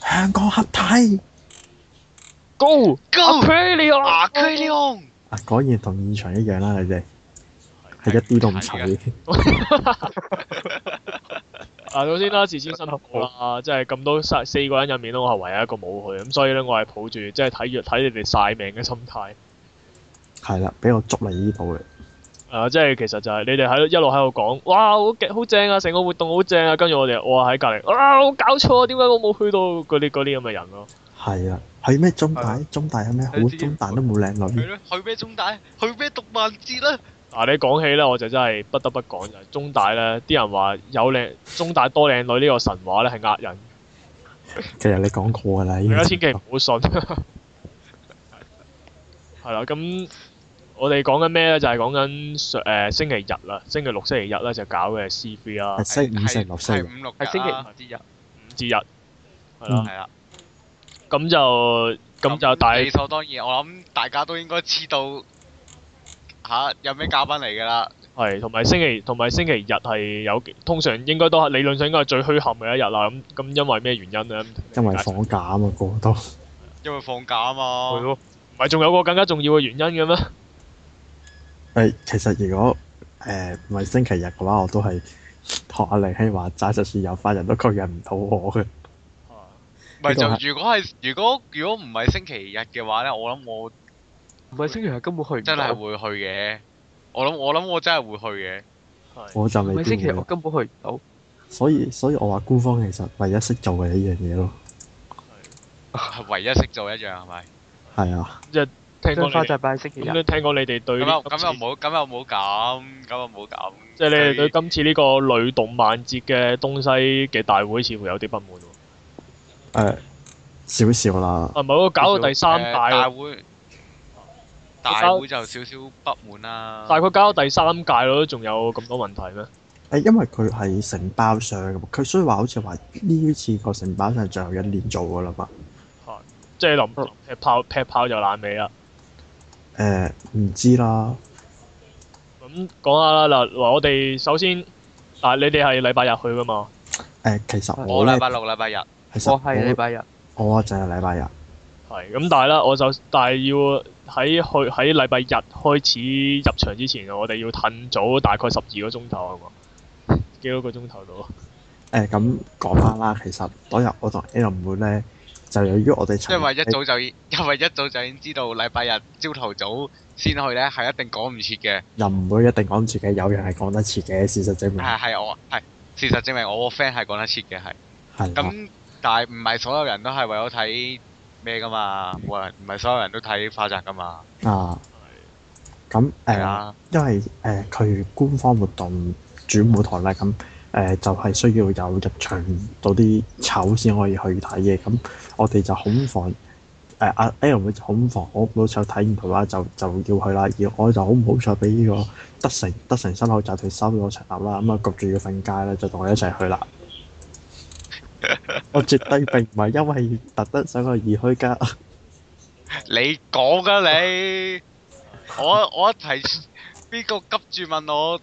香港合體，Go！阿佩里昂，果然同現場一樣啦，你哋係是一啲都唔齊。嗱，首先啦，事先申好啦，即係咁多四個人入面呢，我係唯一一個冇去，咁所以呢，嗯、我係抱住即係睇住睇你哋晒命嘅心態。係啦，俾我捉嚟呢度。嚟。啊，即係其實就係你哋喺一路喺度講，哇好勁好正啊，成個活動好正啊，跟住我哋我喺隔籬，啊我搞錯，點解我冇去到嗰啲嗰啲咁嘅人咯？係啊，去咩中大？中大係咩？好中大都冇靚女。去咩中大？去咩讀萬字啦？嗱，你講起啦，我就真係不得不講就係中大咧，啲人話有靚中大多靚女呢個神話咧係呃人。其實你講過㗎啦，而家千祈唔好信。係啦，咁。我哋講緊咩咧？就係講緊上誒星期日啦，星期六、星期日咧就搞嘅 C 三啊，係五、星期六、星期五、六、星期五、日、五至日，係啦，係啦。咁就咁就大理所當然，我諗大家都應該知道吓有咩嘉賓嚟噶啦。係同埋星期同埋星期日係有通常應該都係理論上應該係最墟冚嘅一日啦。咁咁因為咩原因咧？因為放假啊嘛，過多。因為放假啊嘛。係咯。唔係仲有個更加重要嘅原因嘅咩？誒，其實如果誒唔係星期日嘅話，我都係同阿玲希話，就算有法人都、啊，都確認唔到我嘅。係是。就如果係如果如果唔係星期日嘅話咧，我諗我唔係星期日根本去唔到。真係會去嘅，我諗我諗我真係會去嘅。我就未。星期日我根本去唔到。好。所以所以，我話官方其實唯一識做嘅一樣嘢咯。唯一識做一樣係咪？係啊。一。聽過你咁咧？聽講你哋對咁又咁又冇咁又冇咁。即係你哋對今次呢個女動漫節嘅東西嘅大會，似乎有啲不滿喎、呃。少少啦。啊，唔係搞到第三、呃、大會，大會就少少不滿啦。大概搞到第三屆咯，仲有咁多問題咩？誒，因為佢係承包商嘅佢雖然話好似話呢次個承包商係最後一年做嘅啦嘛。即係臨劈炮劈炮就爛、是、尾啦。誒唔、嗯、知啦。咁、嗯、講下啦嗱，我哋首先，但、啊、係你哋係禮拜日去噶嘛？誒、嗯，其實我禮拜六、禮拜日，其實我係禮拜日，我就係禮拜日。係、嗯、咁，但係啦，我就但係要喺去喺禮拜日開始入場之前，我哋要褪早大概十二個鐘頭係嘛？幾多個鐘頭到啊？咁、嗯嗯嗯嗯、講翻啦，其實當日我同 Aaron 咧。就由於我哋，因為一早就已，因為一早就已經知道，禮拜日朝頭早先去咧，係一定趕唔切嘅。又唔會一定趕唔切嘅，有人係趕得切嘅。事實證明係係我係事實證明我個 friend 係趕得切嘅，係。係、啊。咁但係唔係所有人都係為咗睇咩噶嘛？唔係唔係所有人都睇花澤噶嘛？啊。係。咁、呃、誒，啊、因為誒佢、呃、官方活動轉舞台咧，咁誒、呃、就係、是、需要有入場到啲籌先可以去睇嘢。咁。我哋就恐慌，誒、呃、阿 Alan 嘅恐慌，我老錯睇唔到話就就要去啦。而我就好唔好彩俾呢個德成 德成身收口集團收咗一粒啦。咁啊焗住要瞓街咧，就同我一齊去啦。 我絕對並唔係因為特登想去而去噶。 你講噶你，我我一提邊個急住問我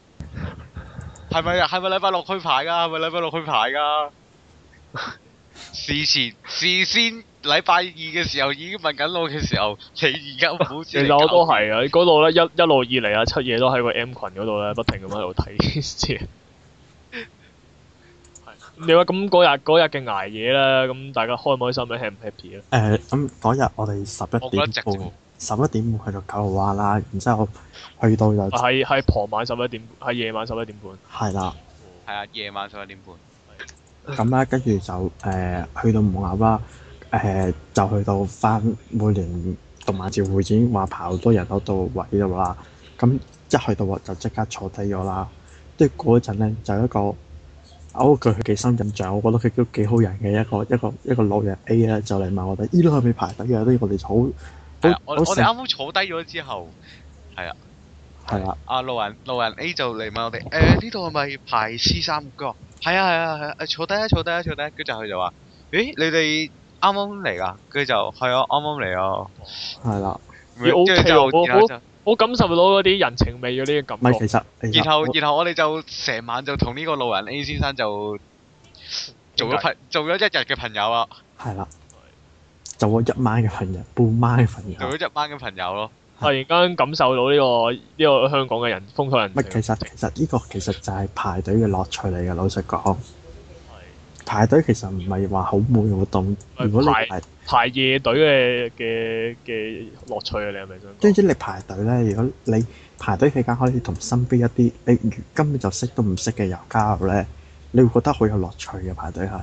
係咪係咪禮拜六去排㗎？係咪禮拜六去排㗎？ 事前事先禮拜二嘅時候已經問緊我嘅時候，你而家好。 其實我都係啊，嗰度咧一一路以嚟啊，出嘢都喺個 M 群嗰度咧，不停咁喺度睇嘅。係你話咁嗰日嗰日嘅捱夜咧，咁大家開唔開心啊？Happy 唔 happy 啊？誒、呃，咁嗰日我哋十一點半，十一點半去到九號灣啦，然之後去到又係係傍晚十一點，係夜晚十一點半。係啦。係啊的、嗯，夜晚十一點半。咁啦，跟住、嗯嗯、就誒、呃、去到門口啦，誒、呃、就去到翻每年動漫節會展，話排好多人嗰度位咗啦。咁一去到就即刻坐低咗啦。即係嗰陣咧，就一個勾佢幾深印象，我覺得佢都幾好人嘅一個一個一個老人 A 咧，就嚟問我哋：依度係咪排隊嘅？因為我哋、哎、呀好我哋啱啱坐低咗之後，係啊。係啊，阿路人路人 A 就嚟問我哋，誒呢度係咪排 C 三個？係啊係啊係，啊，坐低啊坐低啊坐低，跟住佢就話，誒你哋啱啱嚟啊？跟住就係啊啱啱嚟啊，係啦。跟住就，我感受到嗰啲人情味嗰啲感覺。唔係，其實，然後然後我哋就成晚就同呢個路人 A 先生就做咗朋做咗一日嘅朋友啊。係啦，做咗一晚嘅朋友，半晚嘅朋友。做咗一晚嘅朋友咯。突然間感受到呢個呢個香港嘅人風土人情。其實其實呢個其實就係排隊嘅樂趣嚟㗎。老實講，排隊其實唔係話好悶嘅活動。排如果你排排夜隊嘅嘅嘅樂趣啊，你係咪想？即係一排隊咧。如果你排隊期間開始同身邊一啲你根本就識都唔識嘅人交入咧，你會覺得好有樂趣嘅排隊係。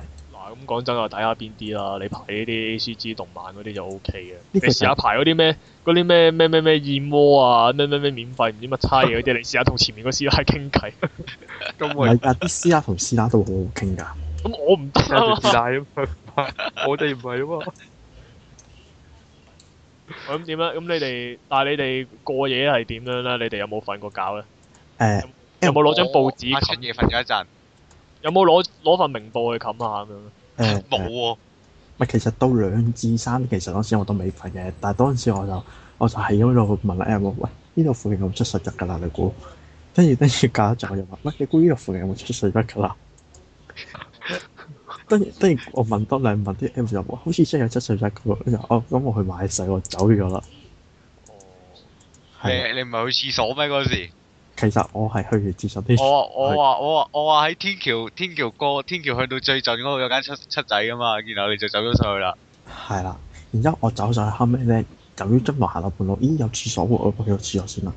講真，啊，睇下邊啲啦。你排呢啲 A.C.G. 動漫嗰啲就 O.K. 嘅。你試下排嗰啲咩嗰啲咩咩咩咩燕窩啊，咩咩咩免費唔知乜差嘢嗰啲你試下同前面嗰師奶傾偈。咁 啊，啲師奶同師奶都好好傾㗎。咁我唔得啊，師奶，我哋唔係喎。咁點咧？咁你哋但係你哋過夜係點樣咧？你哋有冇瞓過覺咧？欸、有冇攞張報紙冚夜瞓咗一陣？有冇攞攞份明報去冚下咁啊？誒，冇喎、呃。喂、呃，其實到兩至三，其實嗰時我都未瞓嘅。但係嗰陣時我就，我就係咁喺度問阿 M，喂，呢度附近有冇七十一噶啦？你估？跟住跟住隔一集我又問，乜嘢？估呢度附近有冇七十一噶啦？跟住跟住我問多兩問啲 M 就，哇，好似真係有七十一嘅喎。跟住，哦，咁我去買仔，我走咗啦。你你唔係去廁所咩？嗰時？其實我係去完廁所啲。我話我話我話我話喺天橋天橋，過天橋去到最盡嗰度有間七七仔噶嘛然後你就走咗上去啦。係啦，然之後我走上去後尾咧，由於中途行到半路，咦，有廁所喎，我去個廁所先啦。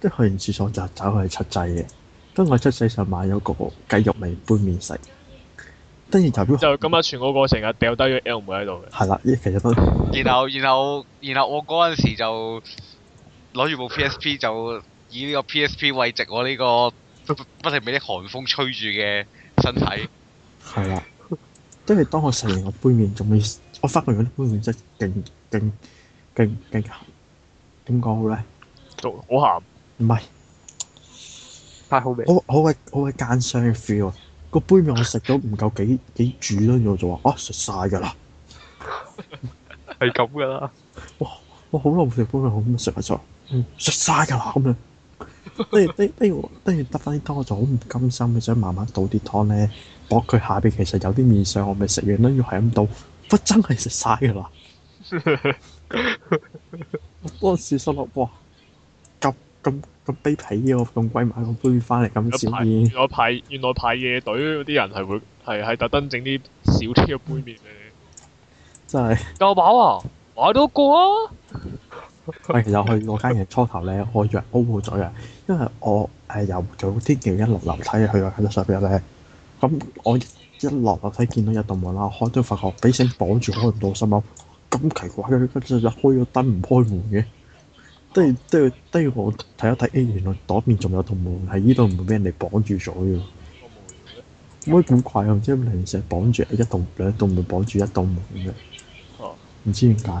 即去完廁所就走去七仔嘅，跟住出世上，買咗個雞肉味杯麵食，跟住就。咁今全個過程啊，掉低咗 L 妹喺度嘅。係啦，其實都。然後然後然後我嗰陣時就攞住部 PSP 就。以呢個 PSP 慰藉我呢個不停俾啲寒風吹住嘅身體。係啦、啊，即係當我食完個杯麵仲未，我發覺嗰啲杯麵真係勁勁勁勁鹹。點講好咧？好鹹？唔係太好味。好好鬼好鬼奸商嘅 feel 啊！個杯麵我食咗唔夠幾幾煮咯，我就話哦，食晒噶啦，係咁噶啦。哇！我好耐冇食杯麵，我咁啊食埋就食晒噶啦咁樣。嗯 不如，不如，不如得翻啲湯，我就好唔甘心。想慢慢倒啲湯咧，剝佢下邊其實有啲麵，我未食完都要喺度，我真係食曬啦。 當時失落，哇！咁咁咁卑鄙啊！咁鬼買個杯麪翻嚟咁少麵。原來派，原來派夜隊嗰啲人係會，係係特登整啲少啲嘅杯麪俾你。真係。夠飽啊！買多個啊！我 其實去嗰間嘢初頭咧，我弱 O 咗嘴啊，因為我誒由早天橋一落樓，樓梯去嗰間到十一咧，咁我一落樓，樓梯見到有道門啦，開都發覺俾繩綁住開唔到，心諗咁奇怪嘅，跟住就開咗燈唔開門嘅，即係即係即係我睇一睇，誒原來左邊仲有道門喺依度，唔會俾人哋綁住咗嘅，好咁快，啊，唔知點嚟成綁住一棟兩棟門綁住一棟門嘅，唔知點解。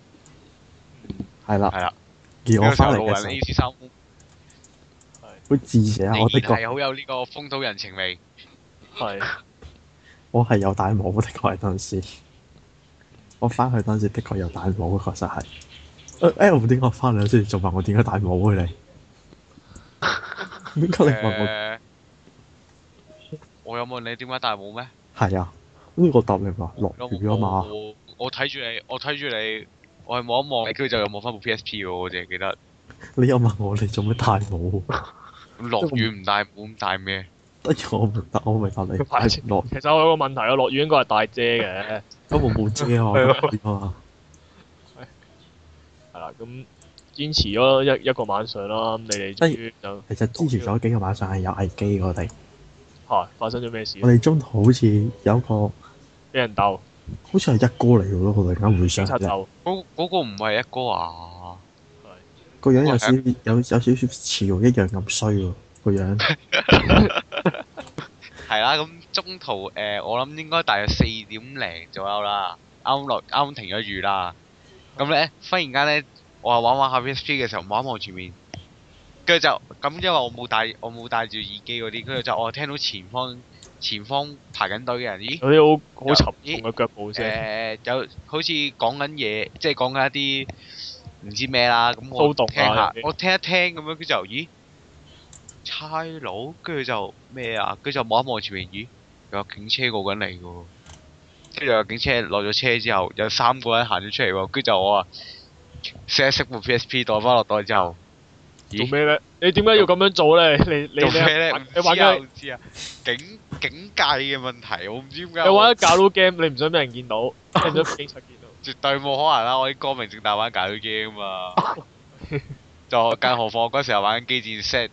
係啦，係啦。我翻嚟嘅時候，好智者。的確係好有呢個風土人情味。係。 我係有帶帽的確係當時。 我翻去當時的確有帶帽，確實係。誒、欸，我點解翻嚟先仲問我點解戴帽嘅你？點解你問我？ 我有問你點解戴帽咩？係 啊。呢個答你話，落雨啊嘛。我睇住你，我睇住你。我係望一望，佢就又冇翻部 PSP 喎，我淨係記得。你又問我哋，做咩帶帽？落雨唔帶帽，咁帶咩？不如我唔帶，我咪帶你。落。其實我有個問題，我落雨應該係帶遮嘅。都冇帽遮啊係啦，咁堅持咗一一個晚上啦，你哋。不如就其實支持咗幾個晚上係、啊、有危機我哋。嚇、啊！發生咗咩事？我哋中途好似有個俾人鬥。好似係一哥嚟嘅咯，佢突然間會。想、那個，嗰、那、嗰個唔係一哥啊。係對個樣有少少，有有少少似喎，一樣咁衰喎，個樣。係啦，咁中途誒、呃，我諗應該大約四點零左右啦，啱落啱停咗雨啦。咁咧，忽然間咧，我玩玩下 V S G 嘅 時候，望一望前面，跟住就咁，因為我冇戴，我冇戴住耳機嗰啲，跟住就我聽到前方。前方排緊隊嘅人，咦？嗰好好沉嘅腳步聲。誒、呃、有好似講緊嘢，即係講緊一啲唔知咩啦。咁我聽下，下我聽一聽咁樣，佢就咦？差佬，跟住就咩啊？跟住就望一望前面，咦？有警車過緊嚟嘅喎。跟住有警車落咗車之後，有三個人行咗出嚟喎。跟住就我話，set 一 set 部 PSP 袋翻落袋之後。做咩咧？你點解要咁樣做咧？你你你玩緊？我唔知啊，境境界嘅問題，我唔知點解。你玩緊 galgame，你唔想俾人見到，唔想俾人見到。絕對冇可能啦！我啲光明正大玩 galgame 啊嘛，就更何況嗰時候玩緊機戰 set。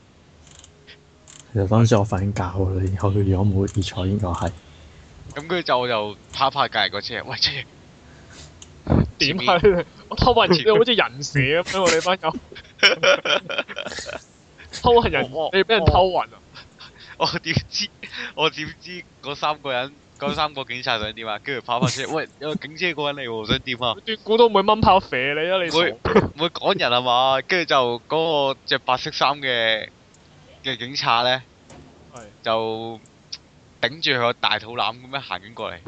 其實當時我瞓緊覺啦，然後如果冇耳塞，應該係。咁佢就就啪啪隔籬個車，喂！點啊？我偷拍，你好似人蛇咁樣，我哋班友。 偷人？Oh, oh, oh. 你俾人偷暈啊！我點知？我點知嗰三個人，嗰 三個警察想點啊？跟住跑翻車， 喂，有個警車過緊嚟喎，想點啊？斷估 都唔會掹炮射你啊！你唔 會唔會趕人啊？嘛？跟住就嗰個着白色衫嘅嘅警察咧， 就頂住佢個大肚腩咁樣行緊過嚟。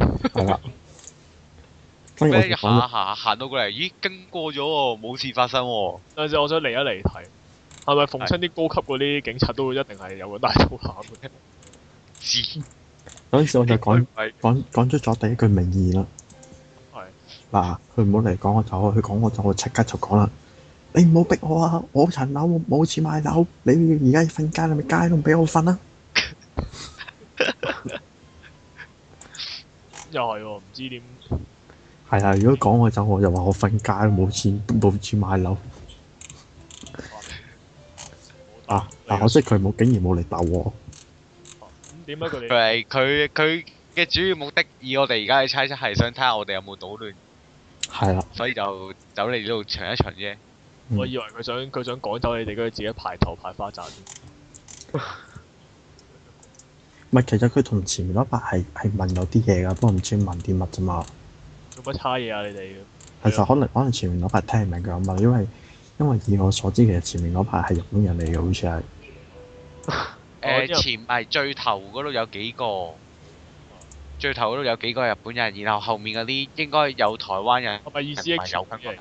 咩行行行到過嚟，咦經過咗喎，冇事發生。但係我想嚟一嚟睇，係咪逢親啲高級嗰啲警察都會一定係有個大肚腩嘅？知嗰陣時我就講講講出咗第一句名言啦。係嗱，佢唔好嚟講，我就去講，我就會即刻就講啦。你唔好逼我啊！我層樓冇錢買樓，你而家要瞓街，你咪街都唔俾我瞓啦。又係唔知點。係啊，如果趕我走，我就話我瞓街，冇錢，冇錢買樓。啊！但、欸、可惜佢冇，竟然冇嚟鬥我。咁點啊？佢你佢佢嘅主要目的，以我哋而家嘅猜測係想睇下我哋有冇搗亂。係啦的，所以就走嚟呢度巡一巡啫。嗯、我以為佢想佢想趕走你哋，佢自己排頭排花扎添。唔係，其實佢同前面嗰排係係問有啲嘢㗎，不過唔知問啲乜咋嘛。有乜差嘢啊？你哋其實可能可能前面嗰排聽唔明佢咁問，因為因為以我所知，其實前面嗰排係日本人嚟嘅，好似係誒前誒最頭嗰度有幾個，最頭嗰度有幾個日本人，然後後面嗰啲應該有台灣人，係咪意思係有香港人？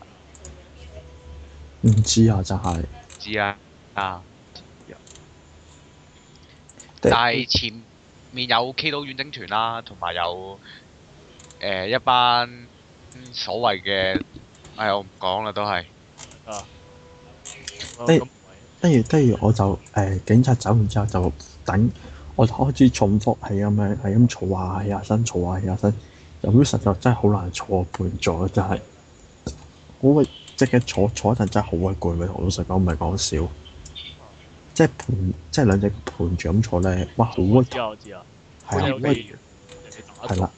唔知啊，就係知啊啊！但係前面有基到遠征團啦、啊，同埋有誒、呃、一班。所謂嘅，哎，我唔講啦，都係，啊、嗯，跟住，跟住我就誒、欸，警察走完之後就等，我就開始重呼吸咁樣，係咁坐啊，起身坐啊，起身，有啲實在，真係好難坐半座，真係，好鬼，即刻坐坐一陣真係好鬼攰，同老實講唔係講笑，即係盤，即係兩隻盤住咁坐咧，哇，好屈，攰，係啊是，係啦。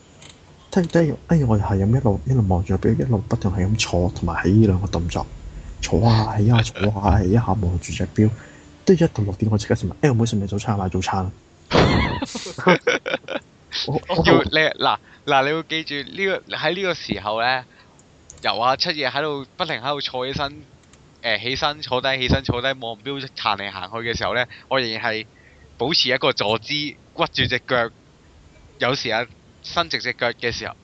即係，哎我又係咁一路一路望住表，一路不停係咁坐同埋喺呢兩個動作，坐下起下坐下起下望住隻表，都一到六點，我即刻先問：誒，唔好食未早餐啊？買早餐啦！要你嗱嗱，你要記住呢個喺呢個時候咧，由阿七夜喺度不停喺度坐起身，誒，起身坐低，起身坐低望表，行嚟行去嘅時候咧，我仍然係保持一個坐姿，屈住隻腳，有時間。伸直隻腳嘅時候，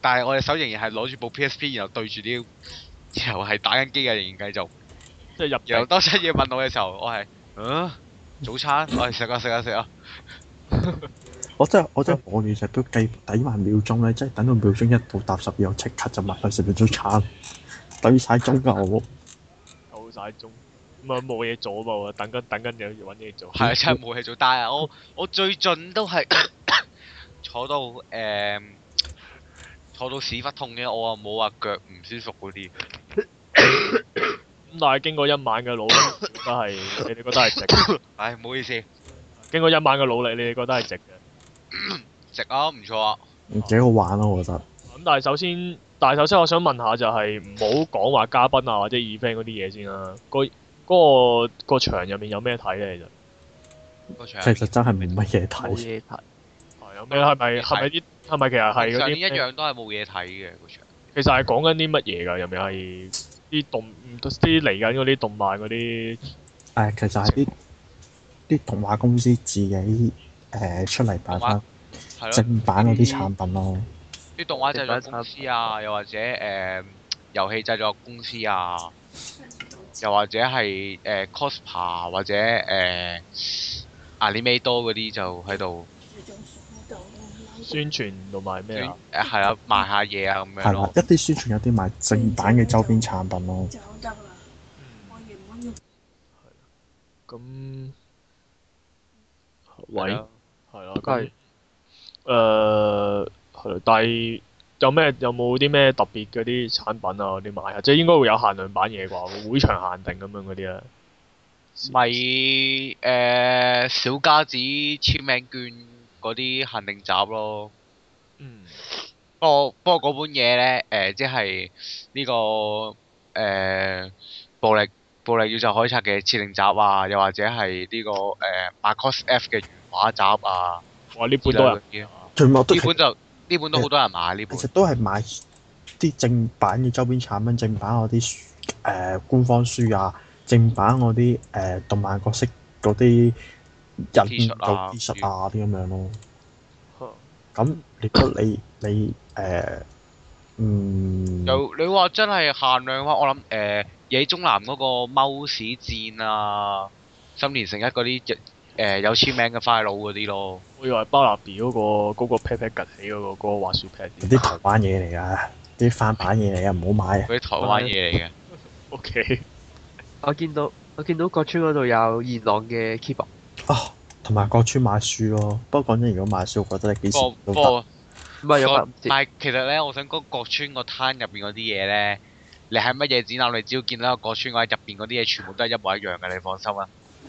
但係我嘅手仍然係攞住部 PSP，然後對住啲，然後係打緊機嘅，仍然繼續。即係入。然後多出嘢問我嘅時候，我係，嗯？早餐，我哋食下食下食下。我真係我真係我其實都計抵埋秒鐘咧，即係等到秒鐘一到，搭十，然後即刻就埋去食早餐，抵晒鐘㗎我。夠晒鐘，咁啊冇嘢做啊嘛，等緊等緊又要揾嘢做。係真係冇嘢做，但係我我最近都係。坐到誒、嗯，坐到屎忽痛嘅，我啊冇話腳唔舒服嗰啲。咁 但係經過一晚嘅努力，都係 你哋覺得係值。唉、哎，唔好意思，經過一晚嘅努力，你哋覺得係值嘅。 值啊，唔錯、啊。幾、嗯、好玩啊，我覺得。咁、嗯、但係首先，但係首先我想問下、就係，就係唔好講話嘉賓啊或者耳返嗰啲嘢先啦、啊。個嗰、個、個場入面有咩睇咧？其實個場其實真係冇乜嘢睇。有，係咪係咪啲係咪其實係嗰啲一樣都係冇嘢睇嘅。其實係講緊啲乜嘢㗎？又咪係啲動啲嚟緊嗰啲動漫嗰啲誒，其實係啲啲動畫公司自己誒、呃、出嚟擺翻正版嗰啲產品咯。啲動，動畫製作公司啊，又或者誒、呃、遊戲製作公司啊，又或者係誒、呃、Cospa 或者誒 Animate 嗰啲就喺度。宣傳同埋咩啊？誒係啊，賣下嘢啊咁樣咯。嗯、一啲宣傳，嗯、一啲賣正版嘅周邊產品咯。咁啦。咁。嗯嗯、喂。係啦、嗯。梗係。誒，係啦、嗯呃。但係有咩有冇啲咩特別嗰啲產品啊？嗰啲賣下，即係應該會有限量版嘢啩？ 會場限定咁樣嗰啲咧。咪誒、呃、小家子簽名券。嗰啲限定集咯，嗯不，不過不過嗰本嘢咧，誒、呃，即係呢、這個誒、呃、暴力暴力宇宙海賊嘅設定集啊，又或者係呢、這個誒《Macross、呃、F》嘅原畫集啊，我呢本都係，呢本就呢本都好多人買呢、啊、本，其實都係買啲正版嘅周邊產品，正版嗰啲誒官方書啊，正版嗰啲誒動漫角色嗰啲。人技術啊，技術啊啲咁樣咯。咁 你得你你、呃、嗯？就你話真係限量嘅話，我諗誒、呃、野中南嗰個踎屎戰啊，森田成一嗰啲誒有簽名嘅快佬嗰啲咯。我以為包納比嗰、嗰個嗰、嗰個 pat pat 起嗰個嗰、嗰個滑啲台灣嘢嚟噶，啲翻版嘢嚟啊！唔好買。嗰啲台灣嘢嚟嘅。 OK。我見到我見到郭村嗰度有言朗嘅 k e y b 哦，同埋各村買書咯，哦，不過講真，如果買書，我覺得你幾時都得。唔係有得買，但其實咧，我想講各村個攤入邊嗰啲嘢咧，你喺乜嘢展覽，你只要見到個各村我喺入邊嗰啲嘢全部都係一模一樣嘅，你放心啦。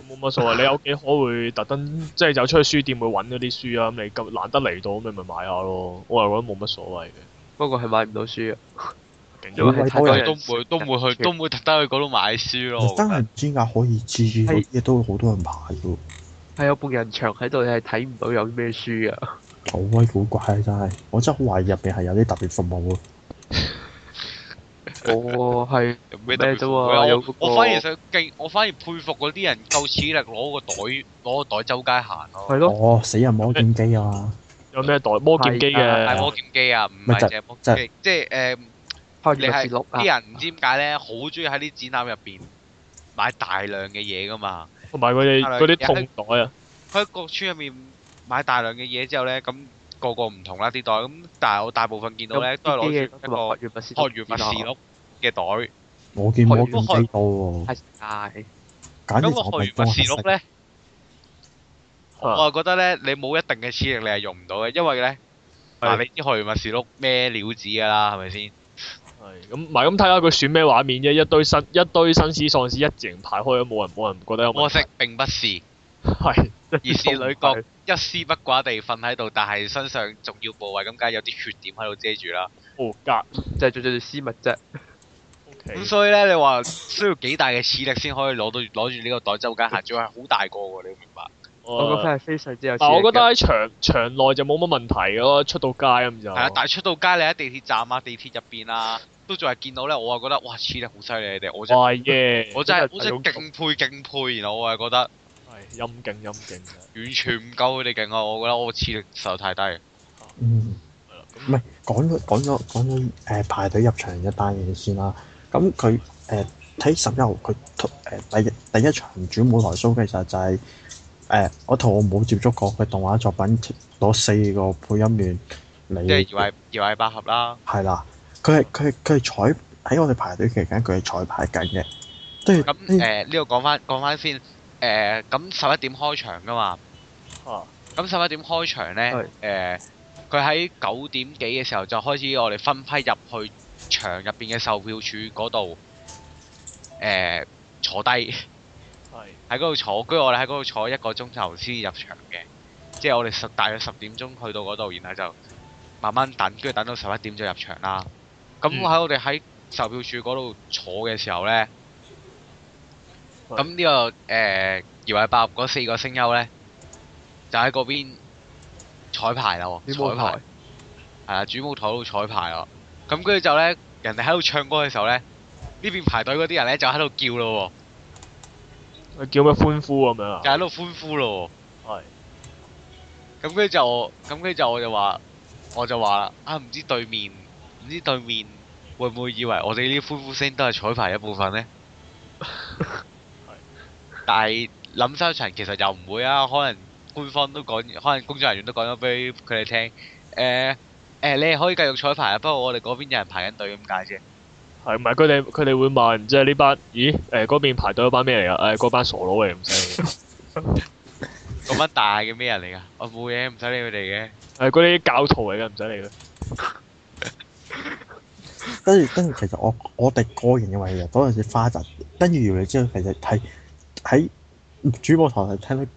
冇乜所謂，你屋企可會特登，即係走出去書店去揾嗰啲書啊？咁你難得嚟到，咁你咪買下咯。我係覺得冇乜所謂嘅。不過係買唔到書嘅。都會都會去，都會特登去嗰度買書咯。真係專家可以知，亦都會好多人買嘅。係有半人牆，喺度，你係睇唔到有啲咩書噶，好鬼古怪啊！真係，我真係好懷疑入邊係有啲特別服務咯。我係咩啫？我我反而想敬，我反而佩服嗰啲人夠恥力攞個袋攞個袋周街行咯。係咯，哦，死人魔劍機啊！有咩袋魔劍機嘅？係魔劍機啊，唔係淨係魔劍。即係誒，你係啲人唔知點解咧，好中意喺啲展覽入邊買大量嘅嘢噶嘛。同埋佢哋嗰啲桶袋啊，佢喺各村入面買大量嘅嘢之後咧，咁個個唔同啦啲袋，咁但係我大部分見到咧都係攞嘢一個賀元物事碌嘅袋，賀豐賀多喎，係係，咁個賀元物事碌咧，我係覺得咧你冇一定嘅磁力你係用唔到嘅，因為咧嗱你知賀元物事碌咩料子噶啦，係咪先？咁，唔係咁睇下佢選咩畫面啫？一堆新一堆新屍喪屍一直排開都冇人冇人覺得有冇？模式並不是係 是而是女角一絲不掛地瞓喺度，但係身上重要部位咁梗係有啲血點喺度遮住啦。哦，隔即係着住絲襪啫。咁 Okay. 所以咧，你話需要幾大嘅體力先可以攞到攞住呢個袋周街行？咁係好大個噶，你明白？我覺得係非常之有。我覺得喺場場內就冇乜問題咯，出到街咁就係啦。但係出到街，你喺地鐵站啊，地鐵入邊啊。都仲係見到咧，我係覺得哇，黐得好犀利你哋，我真係我真係，好敬佩敬佩。然後我係覺得係陰勁陰勁，完全唔夠佢哋勁啊！我覺得我黐力實在太低。嗯，唔係講咗講咗講咗誒排隊入場一單嘢先啦。咁佢誒睇十一號，佢誒第一第一場主舞台 show，其實就係誒嗰套我冇接觸過嘅動畫作品攞四個配音員嚟，即係《妖怪妖怪百合》啦，係啦。佢係佢佢係彩喺我哋排隊期間，佢係彩排緊嘅。咁誒，呢度講返講返先誒。咁十一點開場㗎嘛？咁十一點開場呢，誒係、呃，佢喺九點幾嘅時候就開始我哋分批入去場入邊嘅售票處嗰度誒坐低。係。喺嗰度坐，跟住我哋喺嗰度坐一個鐘頭先入場嘅，即係我哋十大約十點鐘去到嗰度，然後就慢慢等，跟住等到十一點就入場啦。係。係。咁喺我哋喺售票處嗰度坐嘅時候咧，咁呢個誒姚惠伯嗰四個聲優咧，就喺嗰邊彩排啦，彩排係啊，主舞台度彩排咯。咁跟住就咧，人哋喺度唱歌嘅時候咧，呢邊排隊嗰啲人咧就喺度叫咯。佢叫咩歡呼咁樣啊？就喺度歡呼咯。係。咁跟住就咁跟住就我就話我就話啦啊唔知對面。唔知對面會唔會以為我哋呢啲歡呼聲都係彩排一部分咧？係。但係諗深一層，其實又唔會啊。可能官方都講，可能工作人員都講咗俾佢哋聽。誒誒，你哋可以繼續彩排啊。不過我哋嗰邊有人排緊隊咁解啫。係，唔係佢哋佢哋會問，即係呢班？咦？誒，嗰邊排隊嗰班咩嚟噶？誒，嗰班傻佬嚟，唔使理。嗰班大嘅咩人嚟噶？我冇嘢，唔使理佢哋嘅。係嗰啲教徒嚟噶，唔使理佢。跟住，跟住， 是啊、其實我我哋個人嘅回憶，嗰陣時花集，跟住原來之後，其實睇，喺主播台係聽到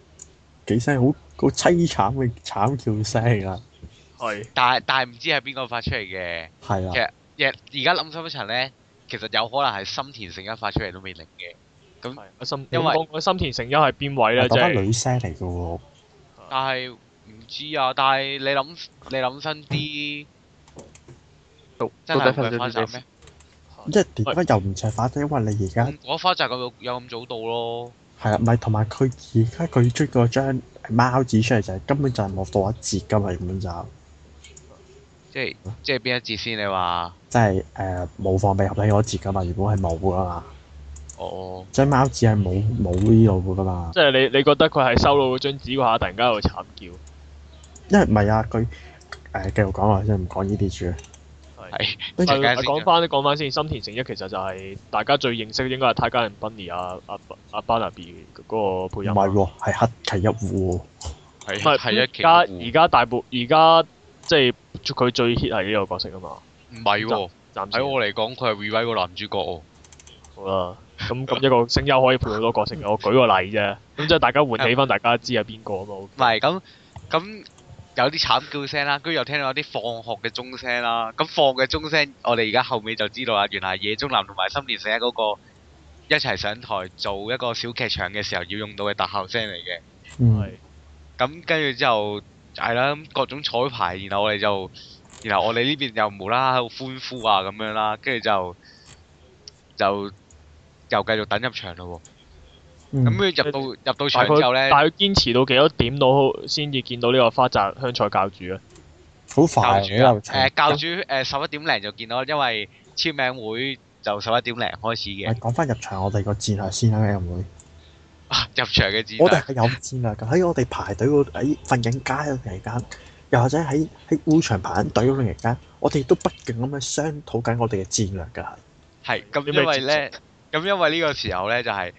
幾聲好好淒慘嘅慘叫聲啊！係，但係但係唔知係邊個發出嚟嘅？係啊，其實而家諗深一層咧，其實有可能係心田成一發出嚟都未定嘅。咁，因為心田成一係邊位咧？真係女聲嚟嘅喎。但係唔知啊！但係你諗你諗深啲。到底唔係翻晒咩？即係點解又唔想翻得？因為你而家我翻就咁有咁早到咯。係啊，唔係同埋佢而家佢出個張貓紙出嚟，就係根本就係冇放一節噶嘛。原本就是，即係即係邊一節先？你話即係誒冇放俾後尾嗰一節噶、哦、嘛？如果係冇噶啦。哦，即係張貓紙係冇冇呢度噶嘛？即係你你覺得佢係收到嗰張紙嘅話，突然間會慘叫？因為唔係啊，佢誒繼續講話，即係唔講呢啲住。係，講翻，講翻先。森田成一其實就係、是、大家最認識應該係 Tiger and Bunny 啊啊啊巴拿比嗰個配音。唔係喎，係黑崎一護、哦。係，係一。而家而家大部而家即係佢最 hit 係呢個角色啊嘛。唔係喎，喺我嚟講，佢係 Rave 個男主角、哦、好啦，咁咁一個聲優可以配好多角色 我舉個例啫。咁即係大家喚起翻，嗯、大家知係邊個咯。嘛、okay？係，咁咁。有啲慘叫聲啦，跟住又聽到有啲放學嘅鐘聲啦。咁放嘅鐘聲，我哋而家後尾就知道啦。原來夜中男同埋心連心嗰個一齊上台做一個小劇場嘅時候要用到嘅特效聲嚟嘅。係咁跟住之後係啦，各種綵排，然後我哋就然後我哋呢邊又無啦啦喺度歡呼啊咁樣啦，跟住就就又繼續等入場咯。咁佢、嗯、入到、嗯、入到場之後咧，但係佢堅持到幾多點到先至見到呢個花澤香菜教主啊？好快啊！誒主、呃，教主誒，十、呃、一點零就見到，因為簽名會就十一點零開始嘅。講翻入場，我哋個戰略先啦，會、啊、入場嘅戰略。我哋係有戰略噶，喺 我哋排隊喺瞓緊街嗰期間，又或者喺喺會場排緊隊嗰段時間，我哋都不停咁樣商討緊我哋嘅戰略噶。係咁是，因為咧，咁因為呢因為個時候咧就係、是。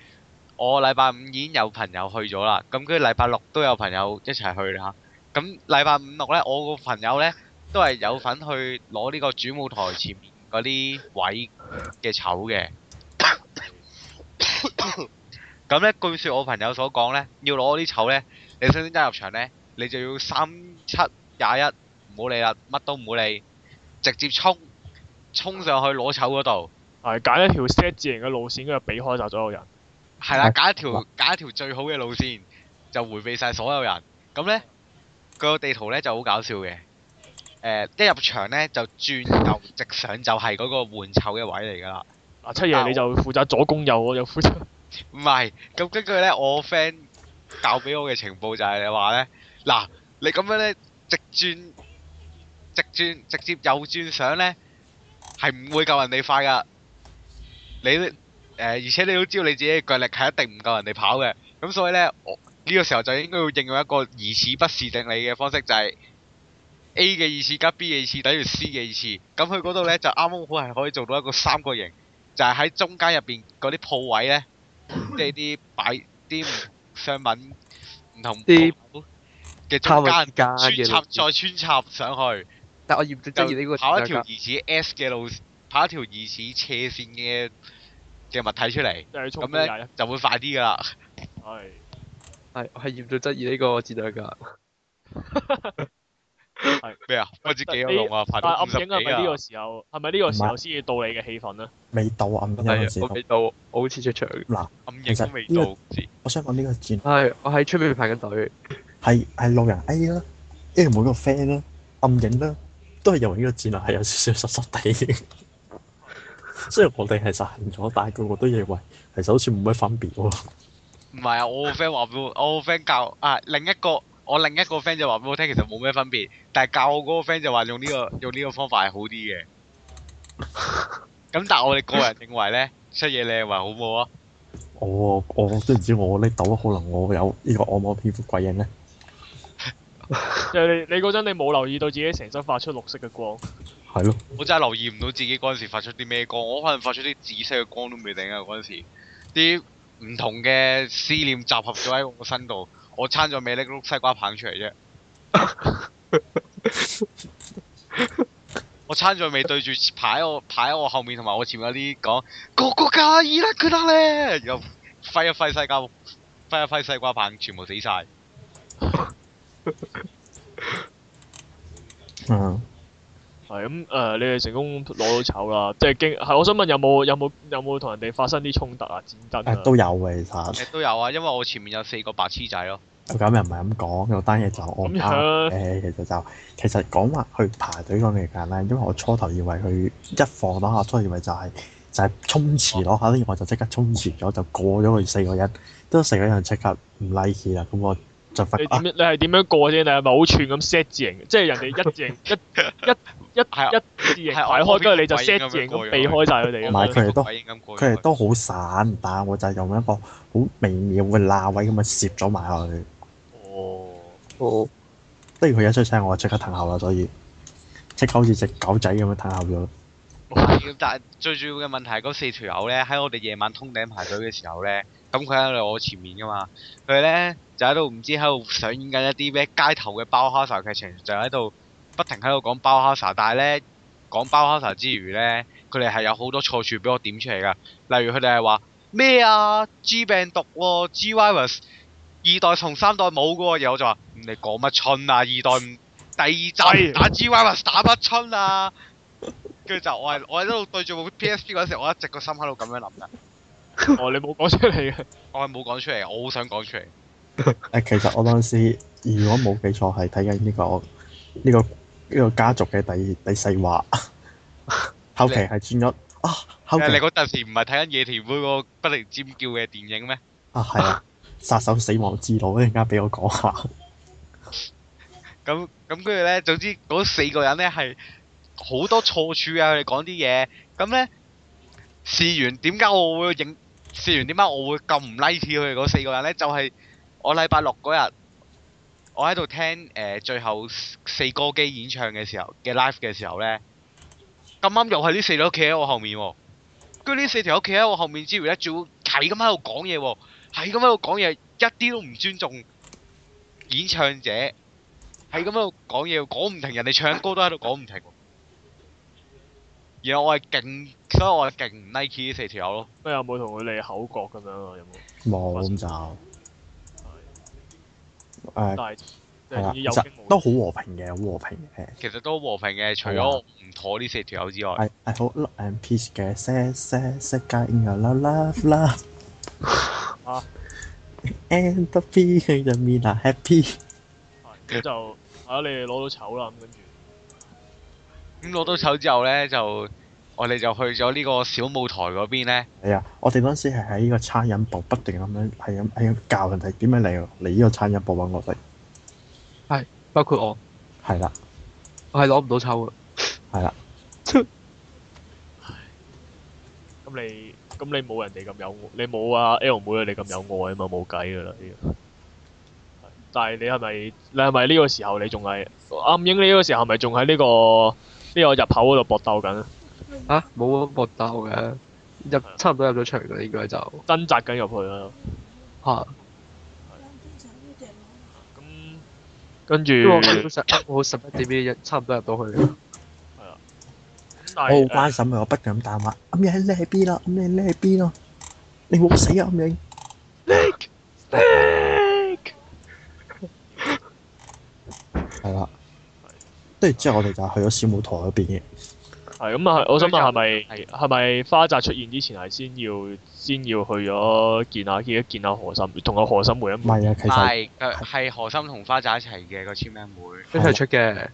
我禮拜五已經有朋友去咗啦，咁跟住禮拜六都有朋友一齊去啦。咁禮拜五六呢，我個朋友呢，都係有份去攞呢個主舞台前面嗰啲位嘅籌嘅。咁 呢，據説我朋友所講呢，要攞啲籌呢，你先先得入場呢，你就要三七廿一，唔好理啦，乜都唔好理，直接衝，衝上去攞籌嗰度。係，揀一條 S 字型嘅路線，跟住避開曬所有人。係啦，揀一條揀一條最好嘅路線，就回避晒所有人。咁呢，個地圖呢就好搞笑嘅。誒、呃，一入場呢，就轉右直上就係嗰個換臭嘅位嚟噶啦。嗱爺，七爺後你就負責左攻右，我就負責。唔係，咁根據呢，我 friend 教俾我嘅情報就係話呢：「嗱，你咁樣呢，直轉，直轉直接右轉上呢，係唔會夠人哋快噶。」你。誒，而且你都知道你自己嘅腳力係一定唔夠人哋跑嘅，咁所以呢，我、這、呢個時候就應該要應用一個疑似畢氏定理嘅方式，就係、是、A 嘅二次加 B 嘅二次等於 C 嘅二次。咁佢嗰度呢，就啱啱好係可以做到一個三角形，就係、是、喺中間入邊嗰啲鋪位呢，即係啲擺啲商品唔同鋪嘅中間 穿插再穿插上去。但係我最中意呢個跑一條疑似 S 嘅 路，跑一條疑似斜線嘅。嘅物體出嚟，咁咧就會快啲噶啦。係，係，我係嚴重質疑呢個戰隊噶。係咩啊？我知幾有用啊！拍到五十幾係咪呢個時候？係咪呢個時候先要到你嘅氣氛咧？未到啊！我未到，我好似出場嗱。暗影都未到。我想講呢個戰。係，我喺出面排緊隊。係係路人 A 啦，A 因為每個 friend 啦，暗影啦，都係因為呢個戰略係有少少濕濕地。雖然我哋係實行咗，但係個個都認為其實好似冇咩分別喎。唔係啊，我個 friend 話俾我，我個 friend 教啊另一個我另一個 friend 就話俾我聽，其實冇咩分別，但係教我嗰個 friend 就話用呢個用呢個方法係好啲嘅。咁但係我哋個人認為咧， 出嘢你認為好唔好啊？我都我都唔知我呢度可能我有呢個按摩皮膚鬼影咧。即 係你你嗰陣你冇留意到自己成身發出綠色嘅光。係咯，對我真係留意唔到自己嗰陣時發出啲咩光，我可能發出啲紫色嘅光都未定啊！嗰陣時，啲唔同嘅思念集合咗喺我身度，我撐咗未拎碌西瓜棒出嚟啫。 我撐咗未對住排我排喺我後面同埋我前面啲講個個介意啦佢啦咧，又揮一揮西瓜，揮一揮西瓜棒，全部死晒。係咁誒，你哋成功攞到籌啦，即係經係。我想問有冇有冇有冇同人哋發生啲衝突啊、戰爭都有嘅其實。都有啊，因為我前面有四個白痴仔咯、啊。我今日唔係咁講，有單嘢就我唔、嗯呃、其實就是、其實講話去排隊嗰段時間咧，因為我初頭以為佢一放攞下，初頭以為就係、是、就係、是、衝刺攞下，呢、嗯、我就即刻衝刺咗就過咗佢四個人，都四個人即刻唔 like 啦。咁我就發你點、啊？你係點樣過啫？你係咪好串咁 set 字型？即係人哋一字一一。一一一字形排開，跟住你就 S 字形咁避開曬佢哋。唔係，佢哋都佢哋都好散，但係我就用一個好微妙嘅罅位咁樣，攝咗埋落去。哦哦，不如佢一出聲，我即刻褪後啦，所以即係好似隻狗仔咁樣褪後咗。但係最主要嘅問題係嗰四條友咧，喺我哋夜晚通頂排隊嘅時候咧，咁佢喺我前面噶嘛，佢咧就喺度唔知喺度上演緊一啲咩街頭嘅包哈飯劇情，就喺度。不停喺度講包哈薩，但係咧講包哈薩之餘咧，佢哋係有好多錯處俾我點出嚟噶。例如佢哋係話咩啊？G 病毒喎、哦，G virus 二代同三代冇嗰個嘢，然後我就話你講乜春啊？二代唔第二集打 G virus 打不春啊？跟住就我係我喺度對住部 PSP 嗰時，我一直個心喺度咁樣諗噶。哦， 你冇講出嚟嘅，我係冇講出嚟，我好想講出嚟。誒，其實我當時如果冇記錯係睇緊呢個呢個。這個呢個家族嘅第第四話，後期係轉咗啊！後期你嗰陣時唔係睇緊野田妹個《不停尖叫》嘅電影咩？啊係啊！殺手死亡之路，一陣間俾我講下。咁咁跟住咧，總之嗰四個人咧係好多錯處啊！佢哋講啲嘢，咁咧試完點解我會影？試完點解我會咁唔 like 佢哋嗰四個人咧？就係我禮拜六嗰日。我喺度聽誒、呃、最後四歌姬演唱嘅時候嘅 live 嘅時候咧，咁啱又係呢四條友企喺我後面喎，喔，跟住呢四條友企喺我後面之餘咧，仲喺咁喺度講嘢喎，喺咁喺度講嘢，一啲都唔尊重演唱者，喺咁喺度講嘢，講唔停，人哋唱歌都喺度講唔停。然後我係勁，所以我係勁唔 like 呢四條友咯。你，哎，有冇同佢哋口角咁樣啊？有冇？冇咁就。誒，其實都好和平嘅，好和平嘅。其實都和平嘅，除咗唔妥呢四條友之外。係係好誒，peace 嘅，say say say goodbye，love love love。啊！Entropy 又咪啦，happy。咁就係啊，你哋攞到籌啦咁，跟住咁攞到籌之後咧就。我哋就去咗呢個小舞台嗰邊咧。係啊，我哋嗰陣時係喺呢個餐飲部不停，不斷咁樣係咁係教人哋點樣嚟嚟呢個餐飲部啊！我哋係包括我係啦，我係攞唔到抽啊！係啦，咁是、啊、 你咁你冇人哋咁有愛，你冇啊 L 妹你咁有愛啊嘛，冇計噶啦！但係你係咪你係咪呢個時候你仲係暗影？你呢個時候係咪仲喺呢個呢、呢個入口嗰度搏鬥緊啊？吓，冇搏鬥嘅，入差唔多入咗場啦，應該就掙扎緊入去啦。吓，咁跟住，我十，一點差唔多入到去啦。係啊，我好關心啊，我不敢打電話，暗影你喺邊啦，你你喺邊咯，你冇死啊，暗影 stick，stick 係啦，跟住之後我哋就去咗小舞台嗰邊嘅。係咁啊！我想問係咪係係咪花扎出現之前，係先要先要去咗見下見一下見一下何心同阿何心梅啊？唔係啊，其實係何心同花扎一齊嘅個簽名會，一齊出嘅，的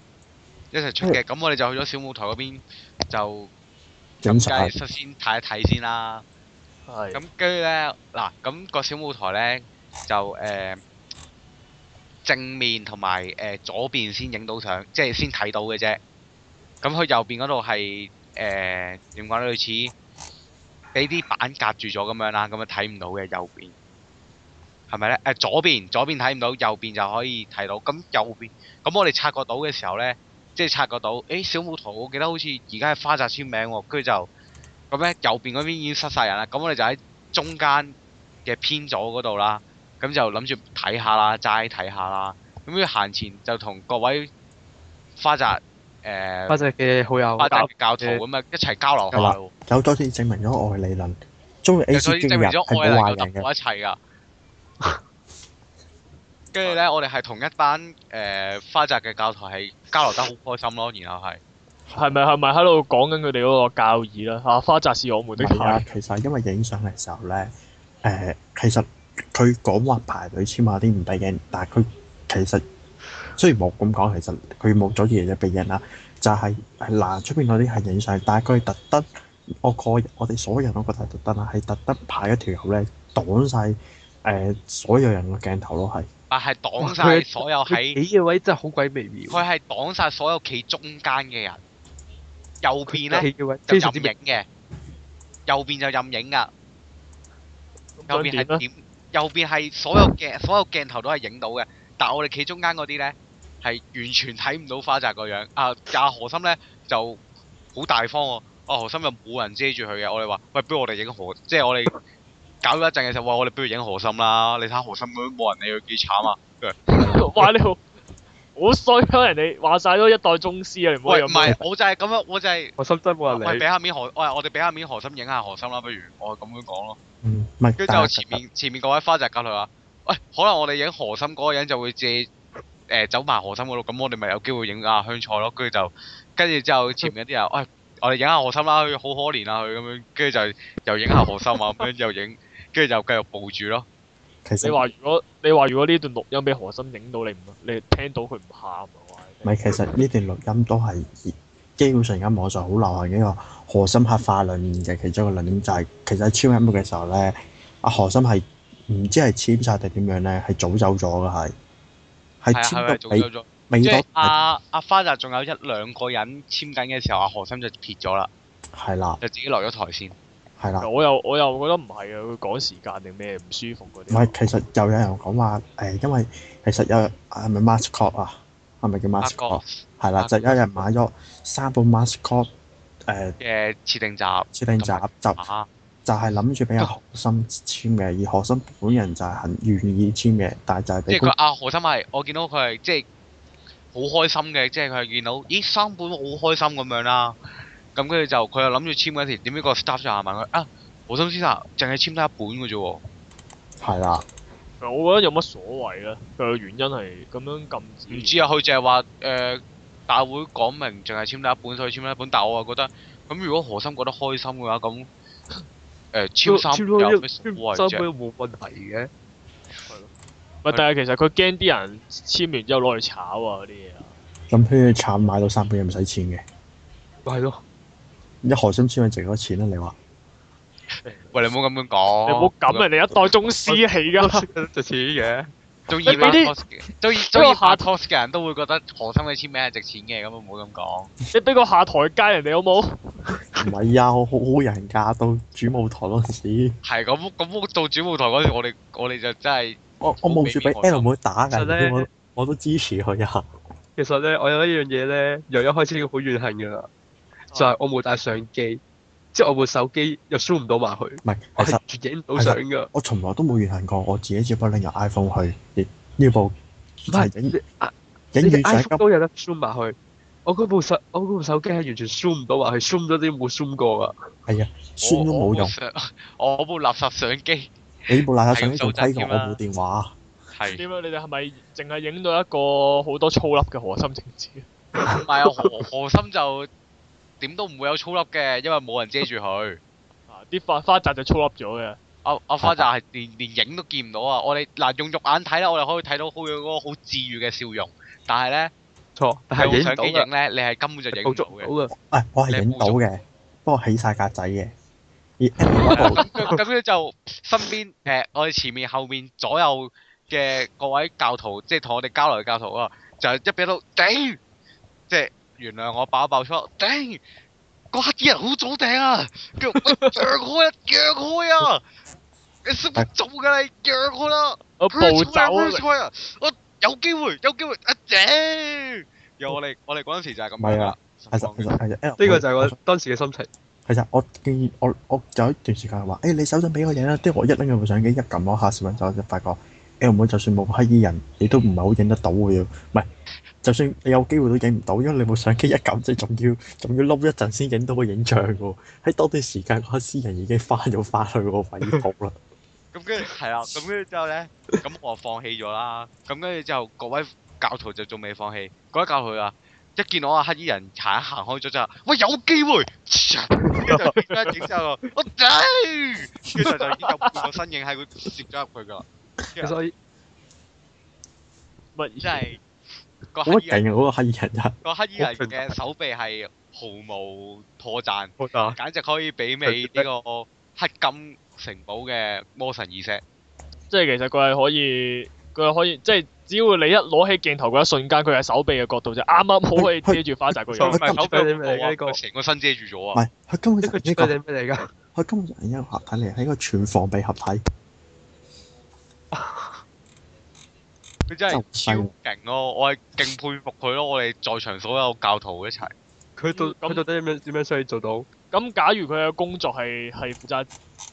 一齊出嘅。咁的我哋就去咗小舞台嗰邊就咁，梗係率先睇一睇先啦。係的。咁跟住咧，嗱，咁、那個小舞台咧就誒、呃、正面同埋誒左邊先影到相，即係先睇到嘅啫。咁佢右邊嗰度係誒點講咧？呃、類似俾啲板隔住咗咁樣啦，咁啊睇唔到嘅右邊係咪咧？誒、呃、左邊左邊睇唔到，右邊就可以睇到。咁右邊咁我哋察覺到嘅時候咧，即係察覺到，誒、欸、小舞台，我記得好似而家係花澤簽名喎、哦，跟住就咁咧右邊嗰邊已經塞晒人啦。咁我哋就喺中間嘅偏左嗰度啦，咁就諗住睇下啦，齋睇下啦。咁行前就同各位花澤。誒，花澤嘅好友，花澤嘅教徒咁啊，一齊交流下。有咗先證明咗我嘅理論，中意 A C 真人係冇壞人嘅。我一齊㗎。跟住咧，我哋係同一班誒，花澤嘅教徒係交流得好開心咯。然後係係咪係咪喺度講緊佢哋嗰個教義咧？啊，花澤是我們的太陽。其實因為影相嘅時候咧，誒，其實佢講話排隊簽下啲唔抵嘅，但係佢其實。雖然冇咁講，其實佢冇左邊嘅鼻影啊，就係係嗱出邊嗰啲係影曬，但係佢特登，我個我哋所有人都覺得特登啦，係特登排一條友咧擋曬誒，所有人嘅鏡頭咯，係。但係擋曬所有喺企嘅位真係好鬼微妙。佢係擋曬所有企中間嘅人，右邊咧就任影嘅，右邊就任影啊。右邊係點？右邊係所有鏡所有鏡頭都係影到嘅，但係我哋企中間嗰啲咧。係完全睇唔到花澤個樣啊、哦，啊！但係何心咧就好大方，啊何心又冇人遮住佢嘅，我哋話喂，不如我哋影何，即係我哋搞咗一陣嘅時候，哇！我哋不如影何心啦，你睇下何心冇人理佢幾慘啊！話你好，衰啊！ 人哋話晒都一代宗師啊！唔好又係，我就係咁樣，我就係、是、何心真冇人理。我俾下面何，我哋俾下面何心影下何心啦，不如我咁樣講咯。嗯，咪跟住就前面前面嗰位花澤隔佢話，喂、哎，可能我哋影何心嗰個人就會借。誒走埋何心嗰度，咁我哋咪有機會影阿香菜咯。跟住就，跟住之後前面有啲人，喂，我哋影下何心啦，佢好可憐啊，佢咁樣，跟住就又影下何心啊，咁樣又影，跟住就繼續抱住咯。其實你話如果你話如果呢段錄音俾何心影到，你唔你聽到佢唔喊嘅話，唔係其實呢段錄音都係基本上而家網上好流行嘅一個何心黑化論嘅其中一個論點，就係其實超音嘅時候咧，阿何心係唔知係簽晒定點樣咧，係早走咗嘅係。係啊，係咪仲有咗？阿阿、啊啊、花就仲有一兩個人簽緊嘅時候，阿何心就撇咗啦，係啦，就自己落咗台先，係啦。我又我又覺得唔係啊，佢趕時間定咩唔舒服嗰啲？唔係，其實又有人講話誒，因為其實有係咪 Match Call 啊？係咪叫 Match Call？係啦，嗯、就有人買咗三部 Match Call 誒嘅設定集，設定集集。啊就係諗住俾阿何心簽嘅，而何心本人就係很願意簽嘅，但係就係即係佢啊何心係我見到佢係即係好開心嘅，即係佢見到咦三本好開心咁樣啦、啊，咁跟住就佢又諗住簽嗰時，點知個 staff 就問佢啊何心先生淨係簽得一本嘅啫喎，係啦，我覺得有乜所謂咧？佢個原因係咁樣禁止，唔知啊，佢淨係話誒大會講明淨係簽得一本，所以簽得一本。但係我又覺得咁，如果何心覺得開心嘅話咁。誒超三倍，三倍冇問題嘅。喂，但係其實佢驚啲人簽完之後攞去炒啊嗰啲嘢啊。咁佢去炒買到三倍又唔使錢嘅。係咯，一何心簽名值幾多錢啊？你話？喂，你唔好咁樣講。你唔好咁啊！你一代宗師嚟㗎，值錢嘅。做熱咩？做做下 talk 嘅人都會覺得何心嘅簽名係值錢嘅咁啊！唔好咁講。你俾個下台階人哋好冇？唔係啊，我好好人噶，到主舞台嗰陣時。係咁咁，到主舞台嗰陣，我哋我哋就真係我我望住俾 Alan 妹打嘅。我都支持佢啊。其實咧，我有一樣嘢咧，由一開始已經好怨恨噶啦，就係、是、我冇帶相機，啊、即係我部手機又 zoom 唔到埋去。唔係，其實影唔到相噶。我從來都冇怨恨過，我自己只不過拎用 iPhone 去，呢部唔係是影，呢啲 iPhone 都有得 zoom 埋去。我嗰部手我嗰部手機係完全 zoom 唔到，話係 zoom 咗啲冇 zoom 過噶。係啊，zoom 都冇用。我部垃圾相機。你部垃圾相機仲低過我部電話。係。點解你哋係咪淨係影到一個好多粗粒嘅河心情節？唔係啊，河河心就點都唔會有粗粒嘅，因為冇人遮住佢。啊！啲花花澤就粗粒咗嘅。阿阿花澤係連連影都見唔到啊！我哋嗱用肉眼睇咧，我哋可以睇到好有個好治愈嘅笑容，但係咧。錯，但係影相影咧，你係根本就影唔到嘅。啊，我係影到嘅，不過起晒格仔嘅。咁樣就身邊誒，我哋前面、後面、左右嘅各位教徒，即係同我哋交流嘅教徒啊，就係一邊一路頂，即係原諒我爆爆粗頂，黑衣人好早頂啊，叫讓開，讓開啊，你識唔做噶你讓開啦，佢步走啊，我。有機會，有機會，阿、yeah! 姐！有 我哋，我哋嗰陣時就係咁樣啦。其實其實呢個就係我當時嘅心情。係啊，我記，我我有一段時間話，誒、哎、你手信俾我影啦。即我一拎起部相機，一撳我嚇攝影就發覺，L 妹、哎、就算冇黑衣人，你都唔係好影得到嘅。唔係，就算你有機會都影唔到，因為你部相機一撳，即仲要仲要嬲一陣先影到個影像嘅、哦、喎。喺多段時間嗰私人已經翻咗翻去個鬼塢啦。 咁跟住係啦，咁跟住之後咧，咁我放棄咗啦。咁跟住之後，各位教徒就仲未放棄，各位教徒啊，一見到我黑衣人行行開咗之後，喂有機會，跟住就點知啊？我頂，其實就見到半個身影喺佢攝咗入去噶。所以，真係個黑衣人嗰個黑衣人啊！個黑衣人嘅手臂係毫無破綻，簡直可以媲美呢個黑金城堡嘅魔神意識，即係其實佢係可以，佢係可以，即係只要你一攞起鏡頭嗰一瞬間，佢喺手臂嘅角度就啱啱好，可以遮住翻晒個樣。佢今日呢個成個身遮住咗啊！唔係，佢今日呢個係咩嚟噶？佢今日一個合體嚟，係一個全防備合體。佢真係超勁咯！我係勁佩服佢咯！我哋在場所有教徒一齊。佢做佢到底點樣點樣先可以做到？咁假如佢嘅工作係係負責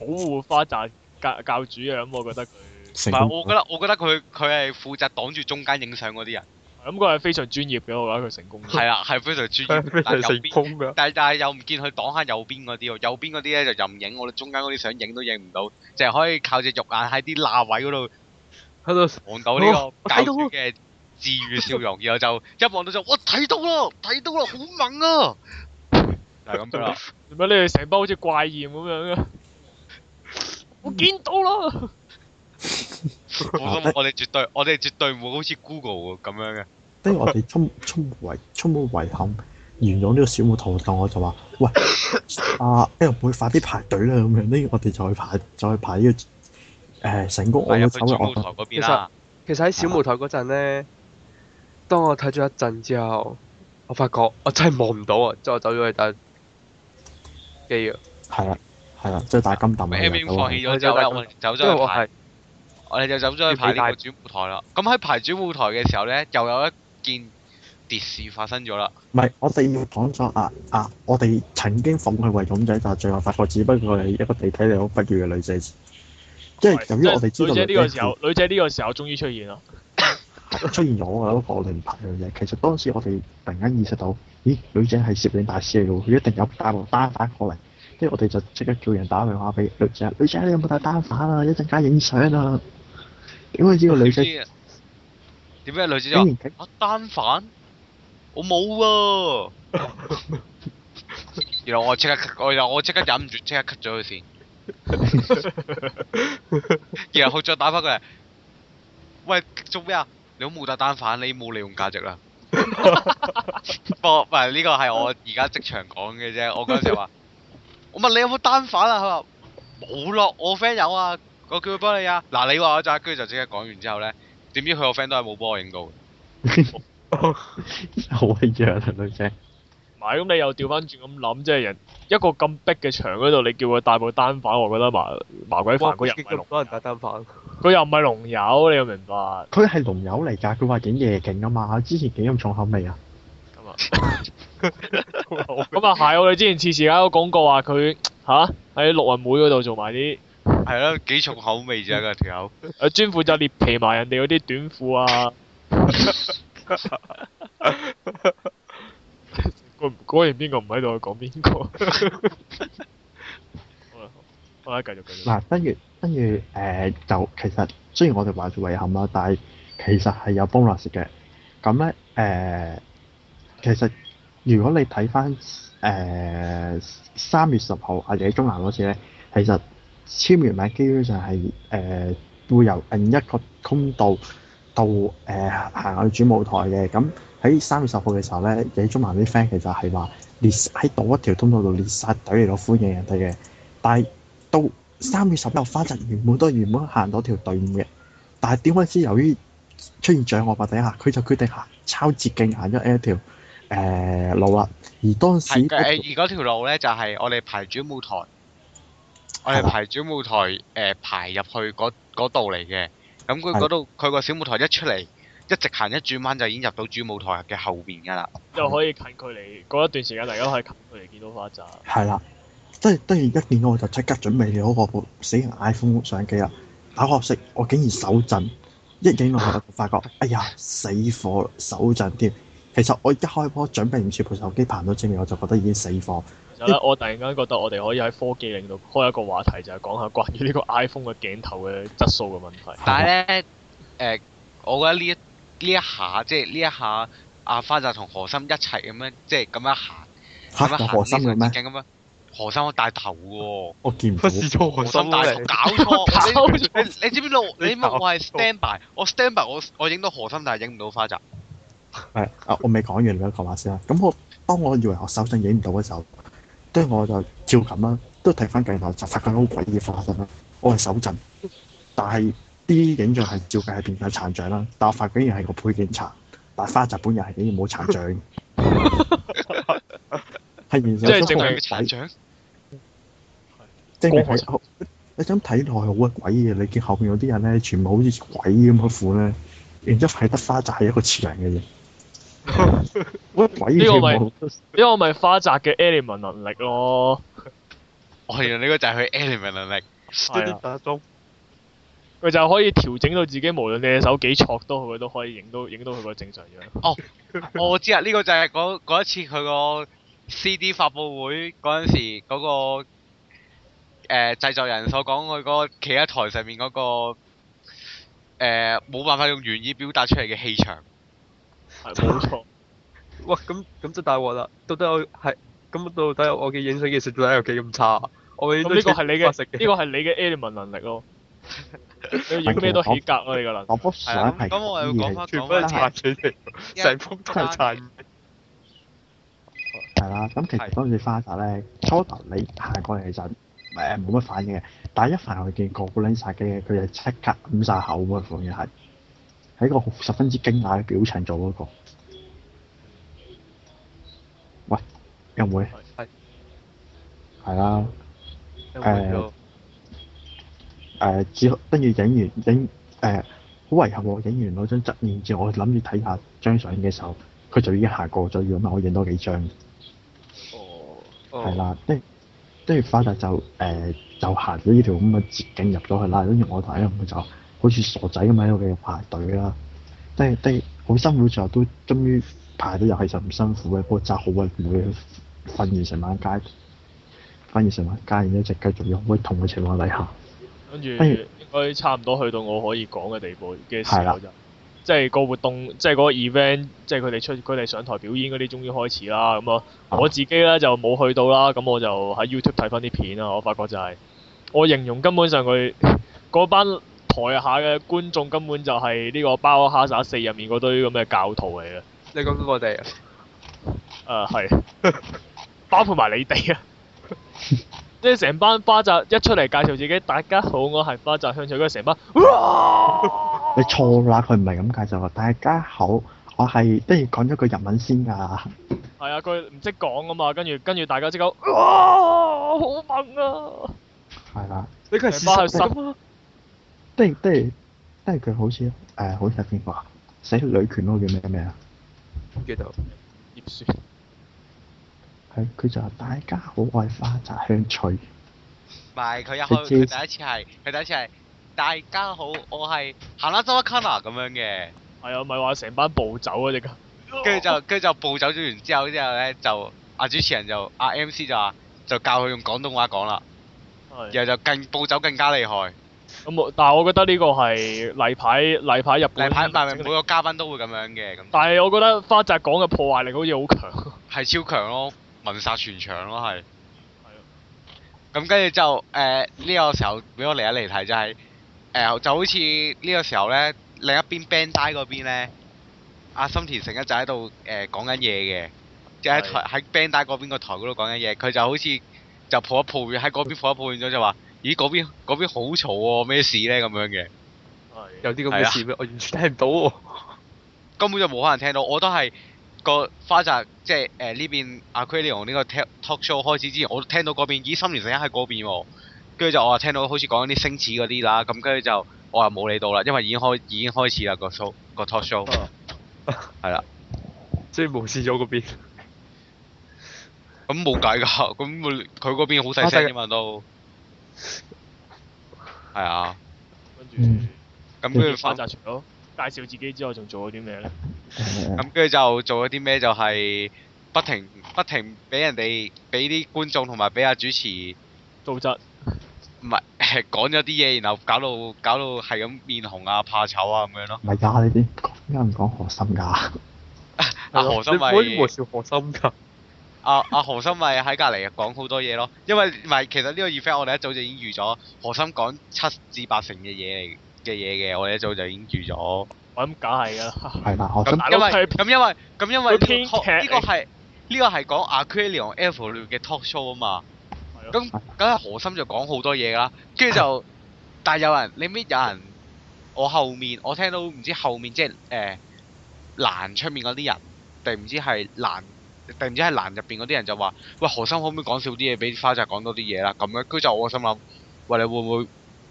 保護花澤教教主嘅，咁我覺得佢，唔係我覺得我覺得佢佢係負責擋住中間影相嗰啲人，咁佢係非常專業嘅，我覺得佢成功。係 啊，係非常專業，但係成功嘅。但係但係又唔見佢擋下右邊嗰啲喎，右邊嗰啲咧就任影，我哋中間嗰啲相影都影唔到，淨係 可以靠隻肉眼喺啲罅位嗰度，喺度望到呢個教主嘅治愈笑容， 然後就一望到就，我睇到啦睇到啦，好猛啊！就係咁樣，樣，點解你哋成班好似怪異咁樣嘅？我見到啦，我哋絕對，我哋絕對唔會好似 Google 咁樣嘅。呢，我哋充充遺，充滿遺憾完咗呢個小舞台，就我就話：喂，阿、啊，不、欸、如、呃、我快啲排隊啦，咁樣呢，我哋就去排，就去排呢、這個誒、呃、成功。我有舞台嗰邊啦。其實，其實喺小舞台嗰陣咧，當我睇咗一陣之後，我發覺我真係望唔到啊！即我走咗去，但嘅也要、啊，係啦、啊，係啦，即係大金抌嘅。M.V.、啊、放棄咗之後，走咗去，我哋就走咗去排呢個主舞台啦。咁喺排主舞台嘅時候咧，又有一件跌事發生咗啦。唔係，我哋要講咗啊啊！我哋曾經奉佢為咁仔，但係最後發覺只不過係一個地底嚟好不如嘅女仔。即係由於我哋知道女仔呢個時候，女仔呢個時候終於出現咯。出現咗啊！個零拍樣嘢，其實當時我哋突然間意識到，咦，女仔係攝影大師嚟嘅，佢一定有帶單反過嚟，即係我哋就即刻叫人打電話俾女仔，女仔你有冇帶單反啊？一陣間影相啊！點會知道女仔？點解女仔？啊，單反？我冇啊！然後我即刻，我我即刻忍唔住，即刻 cut 咗佢先。然後佢再打翻過嚟，喂，做咩啊？你都冇帶單反，你冇利用價值啦。不過，呢個係我而家職場講嘅啫。我嗰陣時話，我問你有冇單反啊？佢話冇咯，我 friend 有啊，我叫佢幫你啊。嗱，你話嗰陣，跟住就即刻講完之後咧，點知佢個 friend 都係冇幫我影到。好鬼弱啊，女仔。唔係，咁你又調翻轉咁諗，即係人一個咁逼嘅場嗰度，你叫佢帶部單反，我覺得麻麻鬼煩嗰日咪龍。咁多人帶單反。佢又唔係龍友，你又明白。佢係龍友嚟㗎，佢話影夜景啊嘛，之前幾咁重口味啊。咁啊，咁啊係，我哋之前次次有講過話佢嚇喺陸運會嗰度做埋啲。係咯，幾重口味啫㗎條友。誒、 啊，專負責裂皮埋人哋嗰啲短褲啊。 果然邊個唔喺度，我講邊個。好啦，我一繼續繼續，繼續。嗱，七月。跟住誒就其實雖然我哋話做遺憾啦，但係其實係有 bonus 嘅。咁咧誒，其實如果你睇翻誒三月十號阿野中南嗰次咧，其實簽完名基本上係誒會由另一個通道到誒行去主舞台嘅。咁喺三月十號嘅時候咧，野中南啲 friend 其實係話、呃呃、列喺嗰一條通道度列殺隊嚟到歡迎人哋嘅，但係都～三月十六花集原本都係，原本行到條隊伍嘅，但係點開始由於出現障礙物底下，佢就決定行抄捷徑行咗一條誒路啦，而當時係誒而嗰條路咧就係我哋排主舞台，我哋排主舞台誒排入去嗰嗰度嚟嘅。咁佢嗰度佢個小舞台一出嚟，一直行一轉彎就已經入到主舞台嘅後面㗎啦。又可以近距離嗰一段時間，大家可以近距離見到花集。係啦。即係當然一見到我就即刻準備好我部死人 iPhone 相機啦，打開識我竟然手震，一影落去我就發覺，哎呀死火手震添。其實我一開波準備唔切部手機拍到正面，我就覺得已經死火。就係我突然間覺得我哋可以喺科技領度開一個話題，就係講下關於呢個 iPhone 嘅鏡頭嘅質素嘅問題。但係咧，誒、呃，我覺得呢一呢一下，即係呢一下，阿花就同何心一齊咁、就是樣，啊、樣，樣，即係咁樣行，咁樣行呢個咁樣。何生我大頭嘅，哦，我見唔到。何生大頭，搞錯 逃走。你知唔知道？你問我係 standby，我 standby，我我影到何生，但係影唔到花澤。係啊，我未講完啦，講埋先啦。咁我當我以為我手震影唔到嘅時候，跟住我就照咁啦，都睇翻鏡頭，就發覺好鬼異化啦。我係手震，但係啲影像係照計係變晒殘像啦。但我發覺原來係個配景差，但花澤本人係冇殘像，係完全有即係淨係個殘像。你想睇落去好鬼嘅，你見後邊有啲人咧，全部好似鬼咁嘅款咧，然之後睇得花澤係一個似人嘅嘢。呢、 啊、個咪呢 個咪花澤嘅 element 能力咯。哦，原來呢個就係佢 element 能力。係 啊，佢 就可以調整到自己，無論你隻手幾錯，都佢都可以影到影到佢個正常樣。哦， 我知啦，呢、這個就係嗰一次佢個 C D 發布會嗰陣時嗰、那個。誒製、呃、作人所講，佢嗰個企喺台上面、那、嗰個冇、呃、辦法用語言表達出嚟嘅氣場，冇錯。哇！咁咁就大鑊啦！到底我係咁到底我嘅影相技術到底有幾咁差、 嗯 ouais, yeah. 啊？我呢個係你嘅呢個係你嘅 element 能力咯。你影咩都起格咯，你個能。我幅相係完全係殘片嚟，成幅都係殘。係啦，咁其實講住花澤咧，初頭你行過嚟就冇乜反應嘅，但係一凡我見過 l i 殺機嘅，佢就即刻捂晒口喎，完全係一個十分之驚訝嘅表情做嗰、那個。喂，有冇？係是。係啦。誒誒，只跟住影完影誒，好遺憾喎，影、呃、完嗰張側面照，我諗住睇下張相嘅時候，佢就已經下過咗咁。啊！我影多幾張。哦。係、哦、啦，跟住發達就誒、呃、就行咗呢條咁嘅捷徑入咗去啦，跟住我哋咧就好似傻仔咁喺度繼續排隊啦。跟跟住好辛苦，最後都終於排到入去就唔辛苦嘅，不過集好啊，每日瞓完成晚街，瞓完成晚街，然一直繼續用，可以同嘅情況底下，跟住跟住應該差唔多去到我可以講嘅地步嘅時候就。即係個活動，即係嗰個 event，即係佢哋出佢哋上台表演嗰啲，終於開始啦。咁啊，我自己咧就冇去到啦，咁我就喺 YouTube 睇翻啲片啊。我發覺就係、是，我形容根本上佢、那、嗰、個、班台下嘅觀眾根本就係呢個包廂沙四入面嗰堆咁嘅教徒嚟嘅。你講緊我哋啊？啊、呃，係。 包括埋你哋啊！ 即係成班巴扎一出嚟介紹自己，大家好，我係巴扎鄉長。佢成班， 你錯啦，佢唔係咁介紹啊！大家好，我係的然講咗句日文先㗎。係啊，佢唔識講啊嘛，跟住跟住大家即刻，啊好猛啊！係啦，你佢係撕曬心啊！即係即係即係佢好似誒好似邊個？寫女拳嗰個叫咩名啊？記唔記得？葉雪。係佢就話大家好愛花澤香菜。唔係佢一開，佢第一次係佢第一次係。大家好，我係行啦周柏康啊咁樣嘅。係啊，唔係話成班暴走啊只㗋。跟住 就，跟住就暴走咗完之後，之後咧就啊主持人就啊 MC 就話，就教佢用廣東話講啦。是的 然後就更暴走更加厲害。咁但係我覺得呢個係例牌，例牌入嚟。但係每個嘉賓都會咁樣嘅咁。但係我覺得花澤講嘅破壞力好似好強。係 超強咯，聞殺全場咯係。咁跟住就，後、呃，呢、呢個時候俾我嚟一嚟睇，就係、是。誒、uh, 就好似呢個時候咧，另一邊 Bandai 嗰邊咧，阿、啊、森田成一就喺度誒講緊嘢嘅，就係、是、台喺 Bandai 嗰邊個台嗰度講緊嘢，佢就好似就抱一抱怨喺嗰邊抱一抱怨咗就話，咦嗰邊，邊好嘈喎、哦，咩事咧咁樣嘅，對有啲咁嘅事了我完全聽唔到喎、哦， 根本就冇可能聽到，我都係個花澤即係誒呢邊阿 Aquarion 呢個 talk show 開始之前，我聽到嗰邊，咦森田成一喺嗰邊喎。跟住就我又聽到好似講啲星子嗰啲啦，咁跟住就我又冇理到啦，因為已經開已經開始啦個 show 個 talk show，係啦，即係無視咗嗰邊。咁冇計㗎，咁佢佢嗰邊好細聲嘅嘛都。係啊。跟住。咁跟住翻側除咗介紹自己之後，仲做咗啲咩咧？咁跟住就做咗啲咩？就係不停不停俾人哋俾啲觀眾同埋俾阿主持做質。唔係誒講咗啲嘢，然後搞到搞到係咁面紅啊、怕醜啊咁樣咯。唔係呀，呢啲啱唔講何心㗎、啊？阿、 啊、何心咪何少何心㗎？阿阿、 啊、何心咪喺隔離講好多嘢咯。因為唔係其實呢個 effect 我哋一早就已經預咗，何心講七至八成嘅嘢嚟嘅嘢嘅，我哋一早就已經預咗。我諗梗係啦。係啦，何心。因為咁是是因為咁會因為呢會個係呢個係講,講 Aquarium、Evolution 嘅 talk show 啊嘛。咁咁係何心就講好多嘢啦，跟住就，但係有人你咩有，有，有人，我後面我聽到唔知後面即係誒、呃，欄出面嗰啲人定唔知係欄定唔知係欄入邊嗰啲人就話：喂，何心可唔可以講少啲嘢，俾花澤講多啲嘢啦？咁樣跟住我就心諗，喂，你會唔會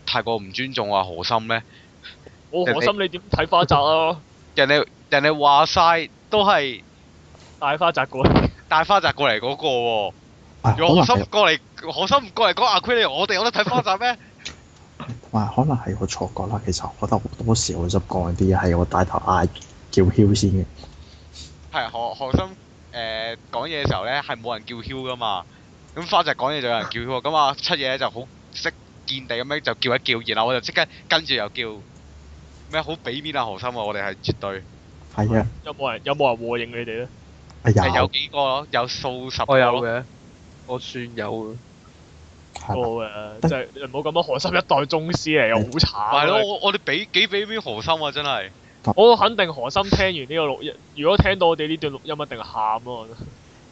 太過唔尊重啊何心咧？我何心你點睇家花澤啊？人哋人哋話晒都係帶花澤過、那個，帶花澤過嚟嗰個喎，啊、何心過嚟。何心唔過嚟講阿 Queleon，我哋有得睇花集咩？同 可能係我錯覺啦，其實我覺得好多時一我執講啲嘢係我帶頭嗌叫囂先嘅。係何何心誒、呃、講嘢嘅時候咧，係冇人叫囂噶嘛。咁花集講嘢就有人叫囂，咁啊出嘢就好識見地咁樣就叫一叫，然後我就即刻跟住又叫。咩好俾面啊何心啊！我哋係絕對。係啊呀。有冇人有冇人和應你哋咧？係有。係、哎、有幾個？有數十個。我有嘅。我算有。多嘅，即係冇咁多河心一代宗師嚟，好慘、啊。係咯、嗯，我哋比幾比邊何心啊？真係，我肯定何心聽完呢個錄音，如果聽到我哋呢段錄音，一定喊啊！我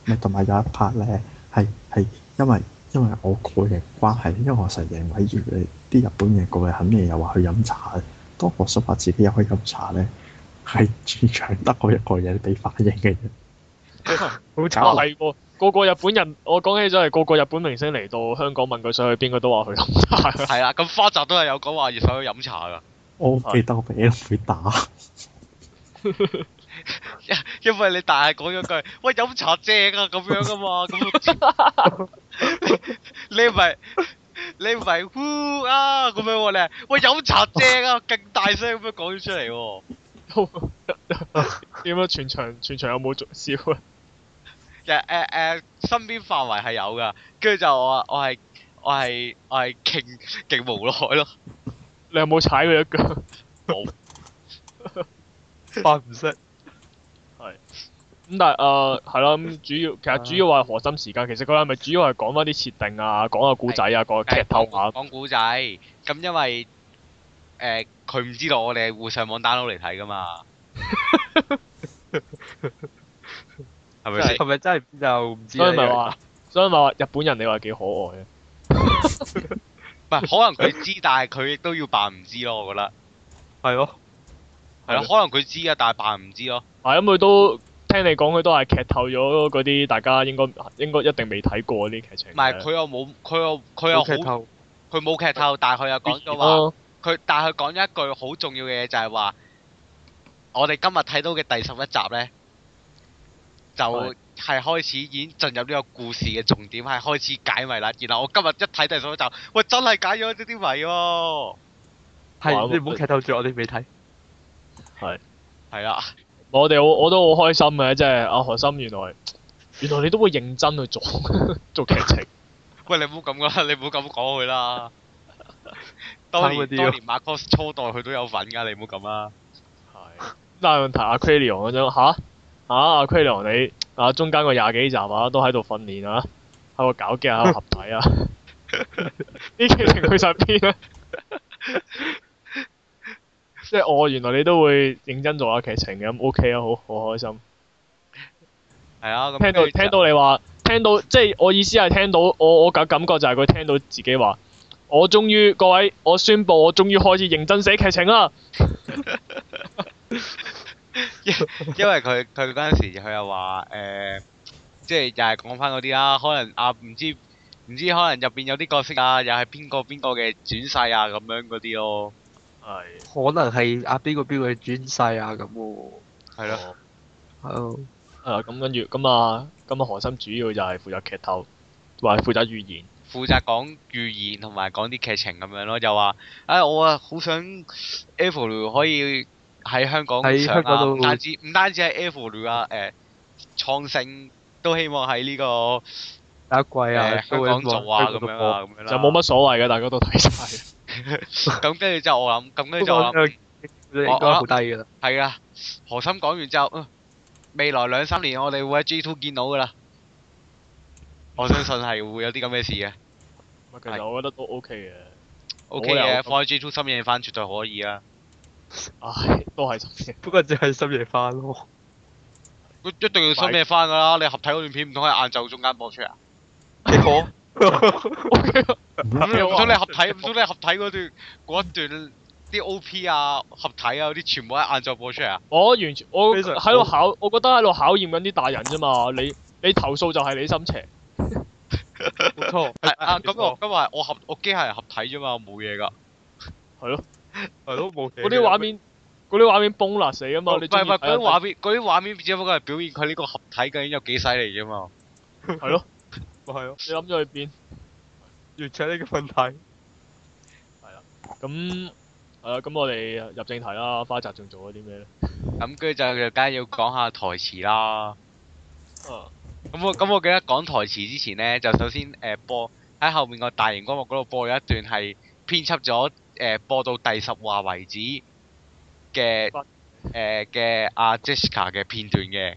覺得同埋有一 part 咧，係係因為因為我個人關係，因為我成日圍住啲日本嘢過嚟，肯定又話去飲茶。當何心話自己又可以飲茶咧，係全場得我一個嘢俾反應嘅。啫、哎。好慘喎、啊！ 個個日本人，我講起咗係個個日本明星嚟到香港問佢想去邊？佢都話去飲茶。係啦，咁花澤都係有講話要想去飲茶噶。我記得我俾人會打，因為你大係講咗句：喂，飲茶正啊咁樣噶嘛。你唔係你唔係呼啊咁樣喎？你喂，飲茶正啊，勁大聲咁樣講咗出嚟喎。點樣全場全場有冇做笑啊？誒誒誒，身邊範圍係有噶，跟住就我我係我係我係勁極無奈咯。你有冇踩佢一腳？冇有。扮唔識。係。咁、嗯、但係誒係啦，咁主要其實主要話核心時間，其實佢係咪主要係講翻啲設定啊，講下故仔啊，講劇透啊？講故仔。咁因為誒，佢、呃、唔知道我哋係互上網 download 嚟睇噶嘛。 係咪真係就唔知，啊所，所以咪話，所以咪話日本人，你話幾可愛啊？唔係， 可能佢知， 但係佢亦都要扮唔知咯。我覺得係咯，係咯、哦，哦、 可能佢知，知啊，但係扮唔知咯。係咁，佢都聽你講，佢都係劇透咗嗰啲，大家應該應該一定未睇過嗰啲劇情。唔係，佢又冇，佢又佢又好，佢冇劇透，劇透嗯，但係佢又講咗話，佢、啊、但係講咗一句好重要嘅嘢，就係話我哋今日睇到嘅第十一集咧，就係開始已經進入呢個故事嘅重點，係開始解謎啦。然後我今日一睇第二手就，喂，真係解咗呢啲啲謎喎。係，你唔好劇透住，我哋未睇。係、呃。係啦、啊。我哋我我都好開心嘅，即係阿何心原來，原來你都會認真去做做劇情。 喂，你唔好咁啦，你唔好咁講佢啦。 當然年當年馬 Markus 初代佢都有份噶，你唔好咁啦。係。但係問題阿 Crayon 嗰種吓？啊啊啊阿奎良你啊，中間個廿幾集啊，都喺度訓練啊，喺度搞機，喺度、啊、合體啊，啲劇情去晒邊啊？即係我原來你都會認真做下劇情咁，OK 啊，好好開心。係啊， 聽到聽到你話，聽到即係、就是、我意思係聽到，我我感感覺就係佢聽到自己話，我終於各位，我宣布我終於開始認真寫劇情啦。 因 因為佢佢嗰陣時佢又話誒，即係又係講翻嗰啲啦，可能阿唔、啊、知唔知可能入邊有啲角色啊，又係邊個邊個嘅轉世啊咁樣嗰啲咯。係。可能係阿邊個邊個嘅轉世啊咁嘅喎。係咯。係咯。誒，咁跟住咁啊，咁啊，何心主要就係負責劇透，或者負責預言。負責講預言同埋講啲劇情咁樣咯，就話，唉、欸，我啊好想 a p p l 可以。喺香港上啊！唔單止唔單止係 F 啊，誒，創勝都希望喺呢個第一季啊，香港做啊咁樣啊咁樣啦，就冇乜所謂嘅，大家都睇晒，咁跟住之後，我諗，咁跟住就，我覺得好低噶啦。係啊，何心講完之後，未來兩三年我哋會喺 G Two 見到噶啦。我相信係會有啲咁嘅事嘅。其實我覺得都 OK 嘅。OK 嘅，放喺 G Two 深夜翻，絕對可以啊。唉、哎，都係深夜，不過只係深夜翻咯。一定要深夜翻噶啦，你合體嗰段片唔通喺晏晝中間播出啊？你講？咁你唔通你合體，唔通 你合體嗰段嗰一段啲 O P 啊，合體啊嗰啲全部喺晏晝播出啊？我完全我喺度考，我覺得喺度考驗緊啲大人啫嘛。你你投訴就係你心邪。冇錯啊。係啊，今日今日我合我機械人合體啫嘛，冇嘢噶。係咯。係都冇。嗰啲畫面，嗰啲畫面崩爛死啊嘛！你唔係唔係，嗰啲畫面，嗰啲畫面只不過係表現佢呢個合體究竟有幾犀利啫嘛。係咯，咪係咯。你諗咗去邊？而且呢個問題，係啦。咁，誒，咁我哋入正題啦。花澤仲做咗啲咩咧？咁跟住就梗係要講下台詞啦。嗯。咁我咁我記得講台詞之前呢，就首先誒播喺後面個大型光幕嗰度播咗一段係編輯咗。誒播到第十話為止嘅誒嘅阿 Jessica 嘅片段嘅，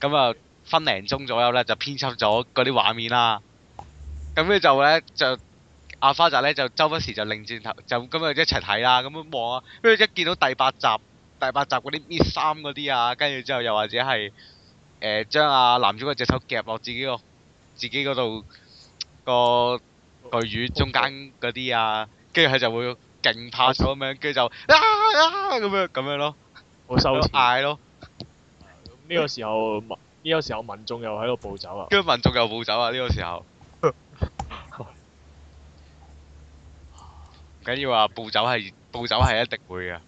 咁、嗯、啊分零鐘左右咧就編輯咗嗰啲畫面啦，咁、嗯、咧就咧就阿、啊、花澤咧就周不時就擰轉頭就咁啊一齊睇啦，咁啊望啊，跟住一見到第八集第八集嗰啲 B 三嗰啲啊，跟住之後又或者係誒、嗯、將阿、啊、男主角隻手夾落自己個自己嗰度個巨乳中間嗰啲啊，跟住佢就會。勁拍咗咁名，跟住就啊啊咁樣咁、啊、收樣咯、啊啊，好受踩咯。呢個時候民呢、這個時候民眾又喺度暴走啊，跟住民眾又暴走啊呢個時候。唔緊要啊，暴走係暴 走係一定會噶，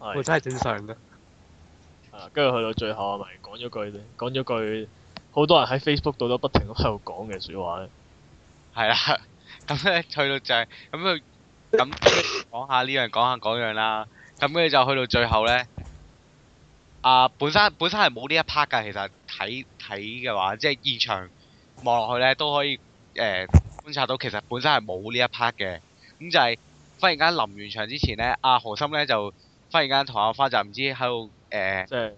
係真係正常嘅、啊啊。跟住去到最後，咪講咗句，講咗句，好多人喺 Facebook 度都不停喺度講嘅說話。係啦是的，咁 咧去到就係咁樣。咁講、嗯、下呢樣，講下嗰樣啦。咁跟住就去到最後咧。啊、呃，本身本身係冇呢一 part 嘅，其實睇睇嘅話，即係現場望落去咧，都可以誒、呃、觀察到，其實本身係冇呢一 part 嘅。咁就係忽然間臨完場之前咧，阿、啊、何心咧就忽然間同阿花澤唔知喺度誒噏，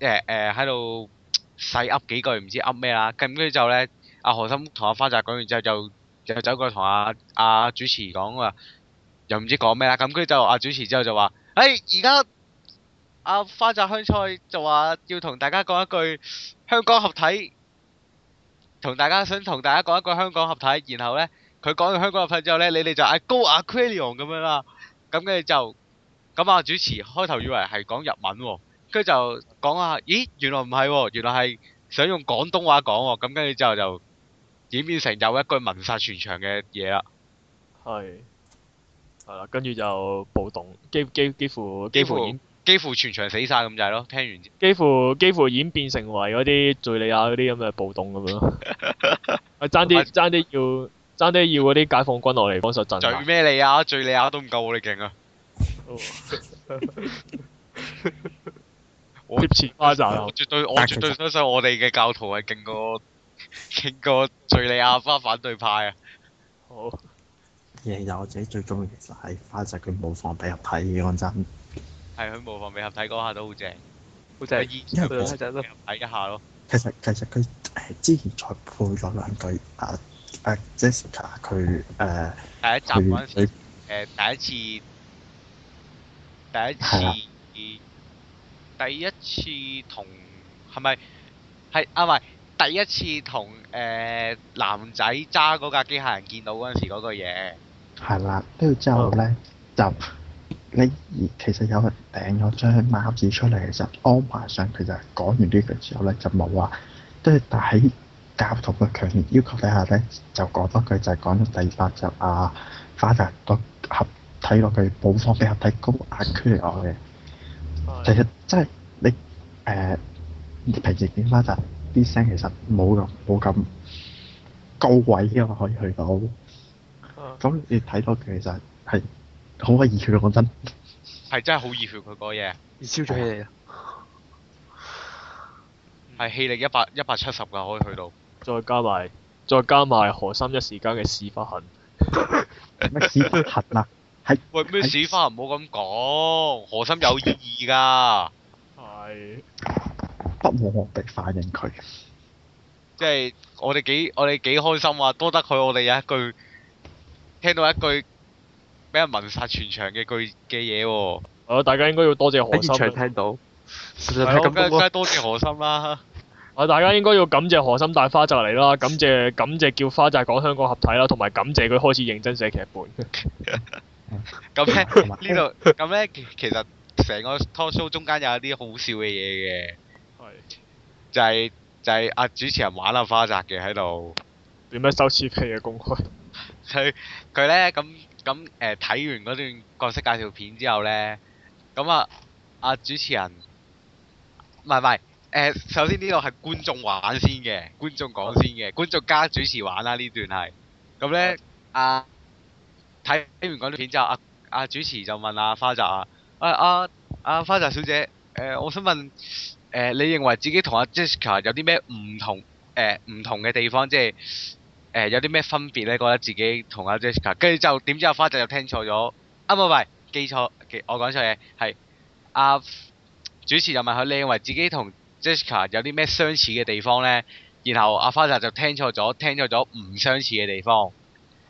誒誒喺度細噏幾句，唔知噏咩啦。咁跟住就後咧，阿、啊、何心同阿花澤講完之後就。就走過同阿阿主持講啊，又唔知講咩啦咁，跟住就阿主持之後就話，誒而家阿花澤香菜就話要同大家講一句香港合體，同大家想同大家講一句香港合體，然後咧佢講完香港合體之後咧，你哋就誒 Go Aquilion 咁樣啦，咁跟住就咁啊主持開頭以為係講日文喎，跟住就講啊，咦原來唔係喎，原來係想用廣東話講喎，咁跟住之後就。演變成有一句文殺全場嘅嘢啊！係係啦，跟住就暴動，幾幾幾乎幾乎幾乎幾乎全場死晒咁就係咯。聽完幾乎幾乎演變成為嗰啲敍利亞嗰啲咁嘅暴動咁咯。爭啲爭啲要爭啲要嗰啲解放軍落嚟幫手鎮壓。敍咩利亞？敍利亞都唔夠喎，你勁啊！我絕我，絕我，絕我，絕我絕對我絕對相信我哋嘅教徒係勁過。個敘利亞翻反對派啊！好，其實有我自己最中意，其實係翻晒佢模仿合體嗰集。係佢模仿合體嗰下都好正，好正。因為其實其實佢誒之前再配咗兩句啊誒 Jessica 佢誒，第一集嗰陣時誒第一次，第一次，第一次同係咪係阿咪？第一次同誒、呃、男仔揸嗰架機械人見到嗰陣時，嗰個嘢係啦，跟住之後咧就你其實有人掟咗張貓紙出嚟，其實安排上其實講完呢句之後咧就冇話。跟住但喺教徒嘅強烈要求底下咧，就講多句就係講咗第八集啊，花澤個盒睇落去補貨嘅合體高壓區我嘅，啊哎、其實真係你誒、呃、平時點花澤？啊啲聲其實冇咁冇咁高位嘅可以去到，咁你睇到其實係好鬼熱血，講真係真係好熱血佢講嘢，燒咗起嚟啦，係氣力一百一百七十噶可以去到，再加埋再加埋何心一時間嘅屎忽痕咩屎忽痕啊？係喂咩屎忽痕？唔好咁講，何心有意義㗎，係。不妄反映佢、就是，即係我哋幾我哋幾開心啊！多得佢，我哋有一句聽到一句俾人文殺全場嘅句嘅嘢。我、啊、大家應該要多謝，謝何心喺、啊、現聽到，係咯、啊，梗係多謝何心啦。大家應該要感謝何心帶花紮嚟啦，感謝感謝叫花紮講香港合體啦，同埋感謝佢開始認真寫劇本。咁咧呢度咁咧，其其實成個 talk show 中間有一啲好笑嘅嘢嘅。就係、是、就係、是、阿、啊、主持人玩啊花澤嘅喺度，點樣收黐皮嘅公開？佢佢咧，咁咁誒，睇完嗰段角色介紹片之後咧，咁啊阿、啊、主持人，唔係唔係誒？首先呢度係觀眾玩先嘅，觀眾講先嘅，觀眾加主持玩啦呢段係。咁咧啊，睇、啊、完嗰段片之後，啊，阿、啊、主持就問阿、啊、花澤啊，誒、哎、啊，阿、啊、花澤小姐，誒、呃、我想問。誒、呃，你認為自己同阿 Jessica 有啲咩唔同？誒、呃，唔同嘅地方即係誒、呃，有啲咩分別咧？覺得自己同阿 Jessica，跟住就點知阿花澤就聽錯咗。啊，唔係，記錯，我講錯嘢，係阿、啊、主持就問佢：你認為自己同 Jessica 有啲咩相似嘅地方咧？然後阿花澤就聽錯咗，聽錯咗唔相似嘅地方。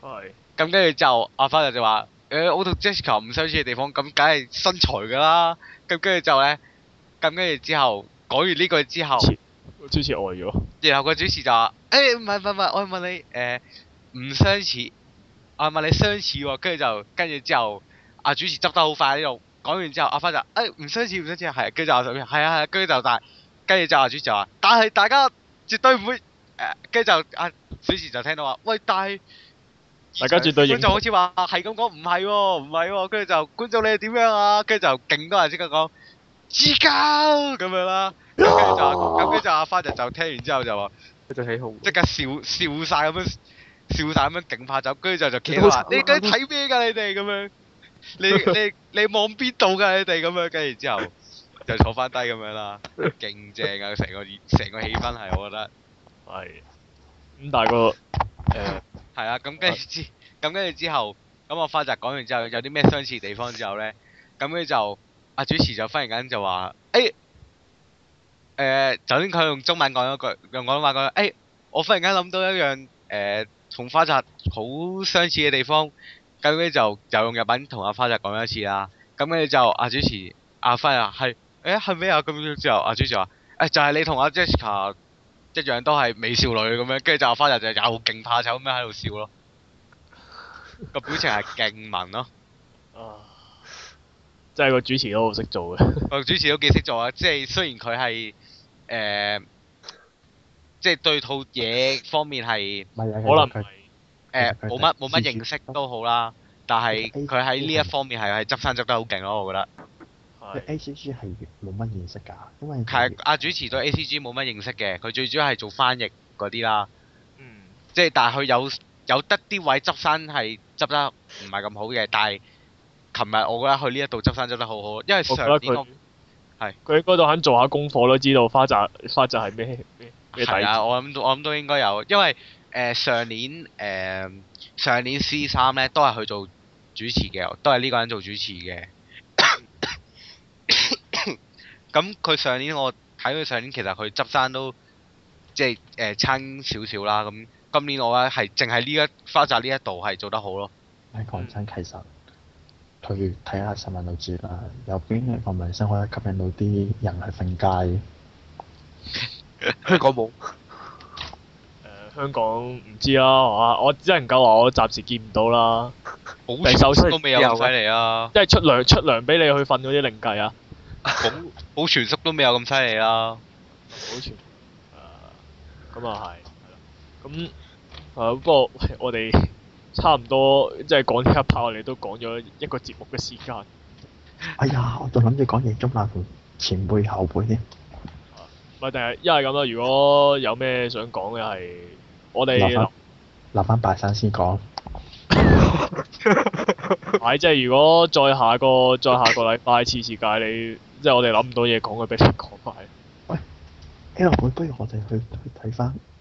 係對。咁跟住就阿花澤就話：誒、呃，我同 Jessica 唔相似嘅地方，咁梗係身材㗎啦。咁跟住就咧，咁跟住之後。講完呢句之後，主持呆咗。然後個主持就話：誒、哎，唔係唔係，我問你，誒、呃，唔相似。啊問你相似喎，哦，跟住就跟住之後，阿、啊、主持執得好快呢度。講完之後，阿花就，誒唔相似唔相似，係，跟住就話上面，係啊係，跟住就但，跟住就啊主持就話，但係大家絕對唔會，誒、呃，跟住就阿主持就聽到話，喂，但係。大家絕對認所觀眾好似話係咁講，唔係喎，唔係喎，跟住就觀眾你係點樣啊？跟住就勁多人即刻講。知交咁樣啦，咁跟住就阿花澤就聽完之後就話：佢就起鬨，即刻笑笑晒，咁樣，笑晒，咁樣勁怕醜。跟住就就企話：你而家睇咩㗎？你哋咁樣，你你你望邊度㗎？你哋咁樣。跟住之後就坐翻低咁樣啦，勁正啊！成個成個氣氛係，我覺得係。咁大個誒，係啊！咁跟住之，咁跟住之後，咁阿花澤講完之後，有啲咩相似地方之後咧，咁佢就。阿主持就忽然間就話，誒、欸，誒、呃，首先佢用中文講咗句，用廣東話講，誒、欸，我忽然間諗到一樣，誒、呃，同花澤好相似嘅地方，咁咧就就用日文同阿花澤講咗一次啦，咁咧就阿主持，阿輝啊係，誒係咩啊？咁樣之後，阿主持話，誒、欸、就係、是、你同阿 Jessica 一樣都係美少女咁樣，跟住就阿花澤就又勁怕醜咁樣喺度笑咯，個表情係勁萌咯。 即係個主持都好識做嘅。個主持都幾識做啊！即係雖然佢係誒，即係對套嘢方面係可能誒冇乜冇乜認識都好啦，是但係佢喺呢一方面係係執生執得好勁咯，我覺得。A C G 係冇乜認識㗎，因為係阿主持對 A C G 冇乜認識嘅，佢最主要係做翻譯嗰啲啦。嗯。嗯，即係但係佢有有得啲位執生係執得唔係咁好嘅，但係。琴日我覺得去呢一度執生執得好好，因為上年係佢應該都肯做下功課，都知道花集花集係咩咩。係啊，我諗都我諗都應該有，因為誒、呃、上年誒、呃、上年 C 三咧都係佢做主持嘅，都係呢個人做主持嘅。咁佢 上年我睇佢上年其實佢執生都即係誒、呃、差少少啦。咁今年我咧係淨係呢一花集呢一度係做得好咯。係講真，其 實。去睇下新聞都知啦！有邊個明星可以吸引到啲人去瞓街？香港冇。誒，香港唔知啦，嚇！我只能夠話我暫時見唔到啦。保全都未有咁犀利啊！即係出糧出糧俾你去瞓嗰啲零計啊！保保全叔都未有咁犀利啦。保全，誒，咁啊係，係啦，咁誒不過我哋。差唔多，即係講呢一 part，我哋都講咗一個節目嘅時間。哎呀，我仲諗住講嘢中南同前輩後輩添。唔係、啊，定係因為咁啦。如果有咩想講嘅係，我哋留翻拜山先講。係，即係如果再下個再下個禮拜次次界你， 你，即係我哋諗唔到嘢講，講，佢俾你講快。喂，L 妹，不如我哋去去睇翻。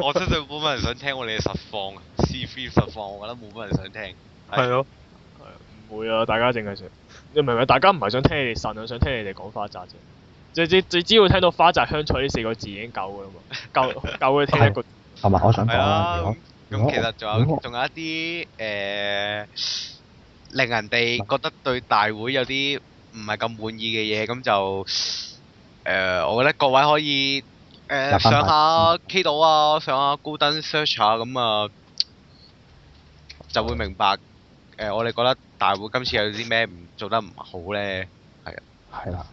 我真係冇乜人想聽我哋嘅實況，C t h r 實況，我覺得冇乜人想聽。係咯 的。係。唔會啊！大家淨係想，你明唔明？大家唔係想聽你哋呻，想聽你哋講花紮啫。你你你只要聽到花扎香菜呢四個字已經夠㗎啦嘛，夠 夠佢 聽一個。係咪我想講？咁其實仲有仲果有一啲誒、呃，令人哋覺得對大會有啲唔係咁滿意嘅嘢，咁就誒、呃，我覺得各位可以。誒、呃、上下 K 度、嗯、啊，上下高登 Search 下，咁啊就會明白誒、呃，我哋覺得大會今次有啲咩唔做得唔好咧，係啊，係啦，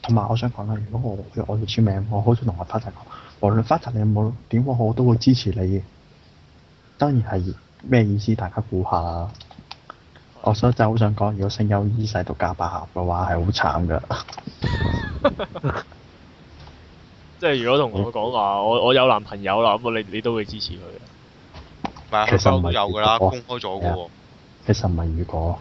同埋我想講下，如果我我要簽名，我好想同阿 Flatter 講，無論 Flatter 你有冇點講，好我都會支持你。當然係咩意思？大家估下。我想就好想講，如果姓有依勢度夾百合嘅話，係好慘㗎。 即係如果同我講話，我我有男朋友啦，咁你你都會支持佢嘅？唔係，其實都有㗎啦，公開咗㗎喎。其實唔係如果，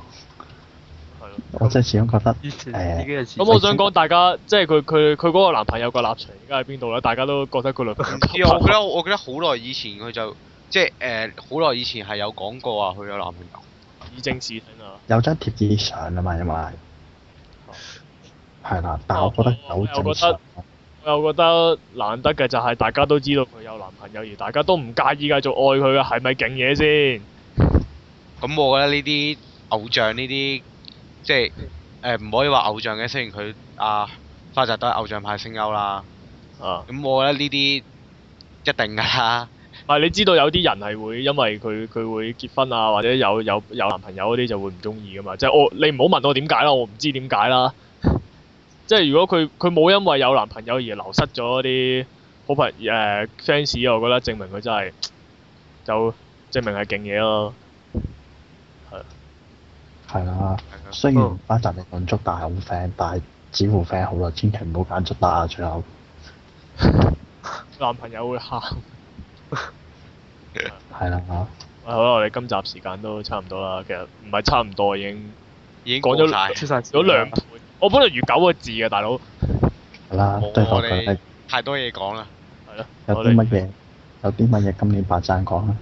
係咯。我真係始終覺得誒。咁我想講大家，即係佢佢佢嗰個男朋友個立場而家喺邊度咧？大家都覺得佢女唔知，我記得我記得好耐以前佢就即係誒好耐以前係有講過話佢有男朋友，以正視聽啊。有張貼紙相啊嘛，因為係啦，但我覺得有我覺得難得嘅就係大家都知道佢有男朋友，而大家都唔介意繼續愛佢嘅，係咪勁嘢先？咁、嗯、我覺得呢啲偶像呢啲，即係誒唔可以話偶像嘅，雖然佢阿、啊、花澤都係偶像派聲優啦。啊。咁我覺得呢啲一定噶啦。係、啊、你知道有啲人係會因為佢佢會結婚啊，或者有有有男朋友嗰啲就會唔中意噶嘛？就是、我你唔好問我點解啦，我唔知點解啦。即係如果佢佢冇因為有男朋友而流失咗啲好朋友 fans，呃、我覺得證明佢真係就證明係勁嘢咯。係。係了啦，雖然班彎形單足，但係好 friend，但係似乎 friend 好啦，千祈唔好揀出八啊最後。 男朋友會喊。係 啦了。了好啦，我哋今集時間都差唔多啦。其實唔係差唔多已經講咗，出曬少我本來余九個字嘅大佬，係啦，都係講佢，係太多嘢講啦，係咯。有啲乜嘢？有啲乜嘢？今年拜山講啊，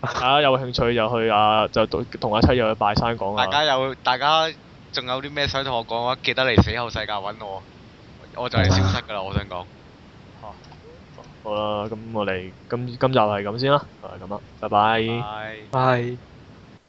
大家有興趣就去啊，就同同阿七又去拜山講啊。大家有，大家仲有啲咩想同我講嘅話，記得嚟死後世界搵我。我就嚟消失噶啦，我想講。好啦，咁我哋今今集係咁先啦，係咁啦，拜拜。拜。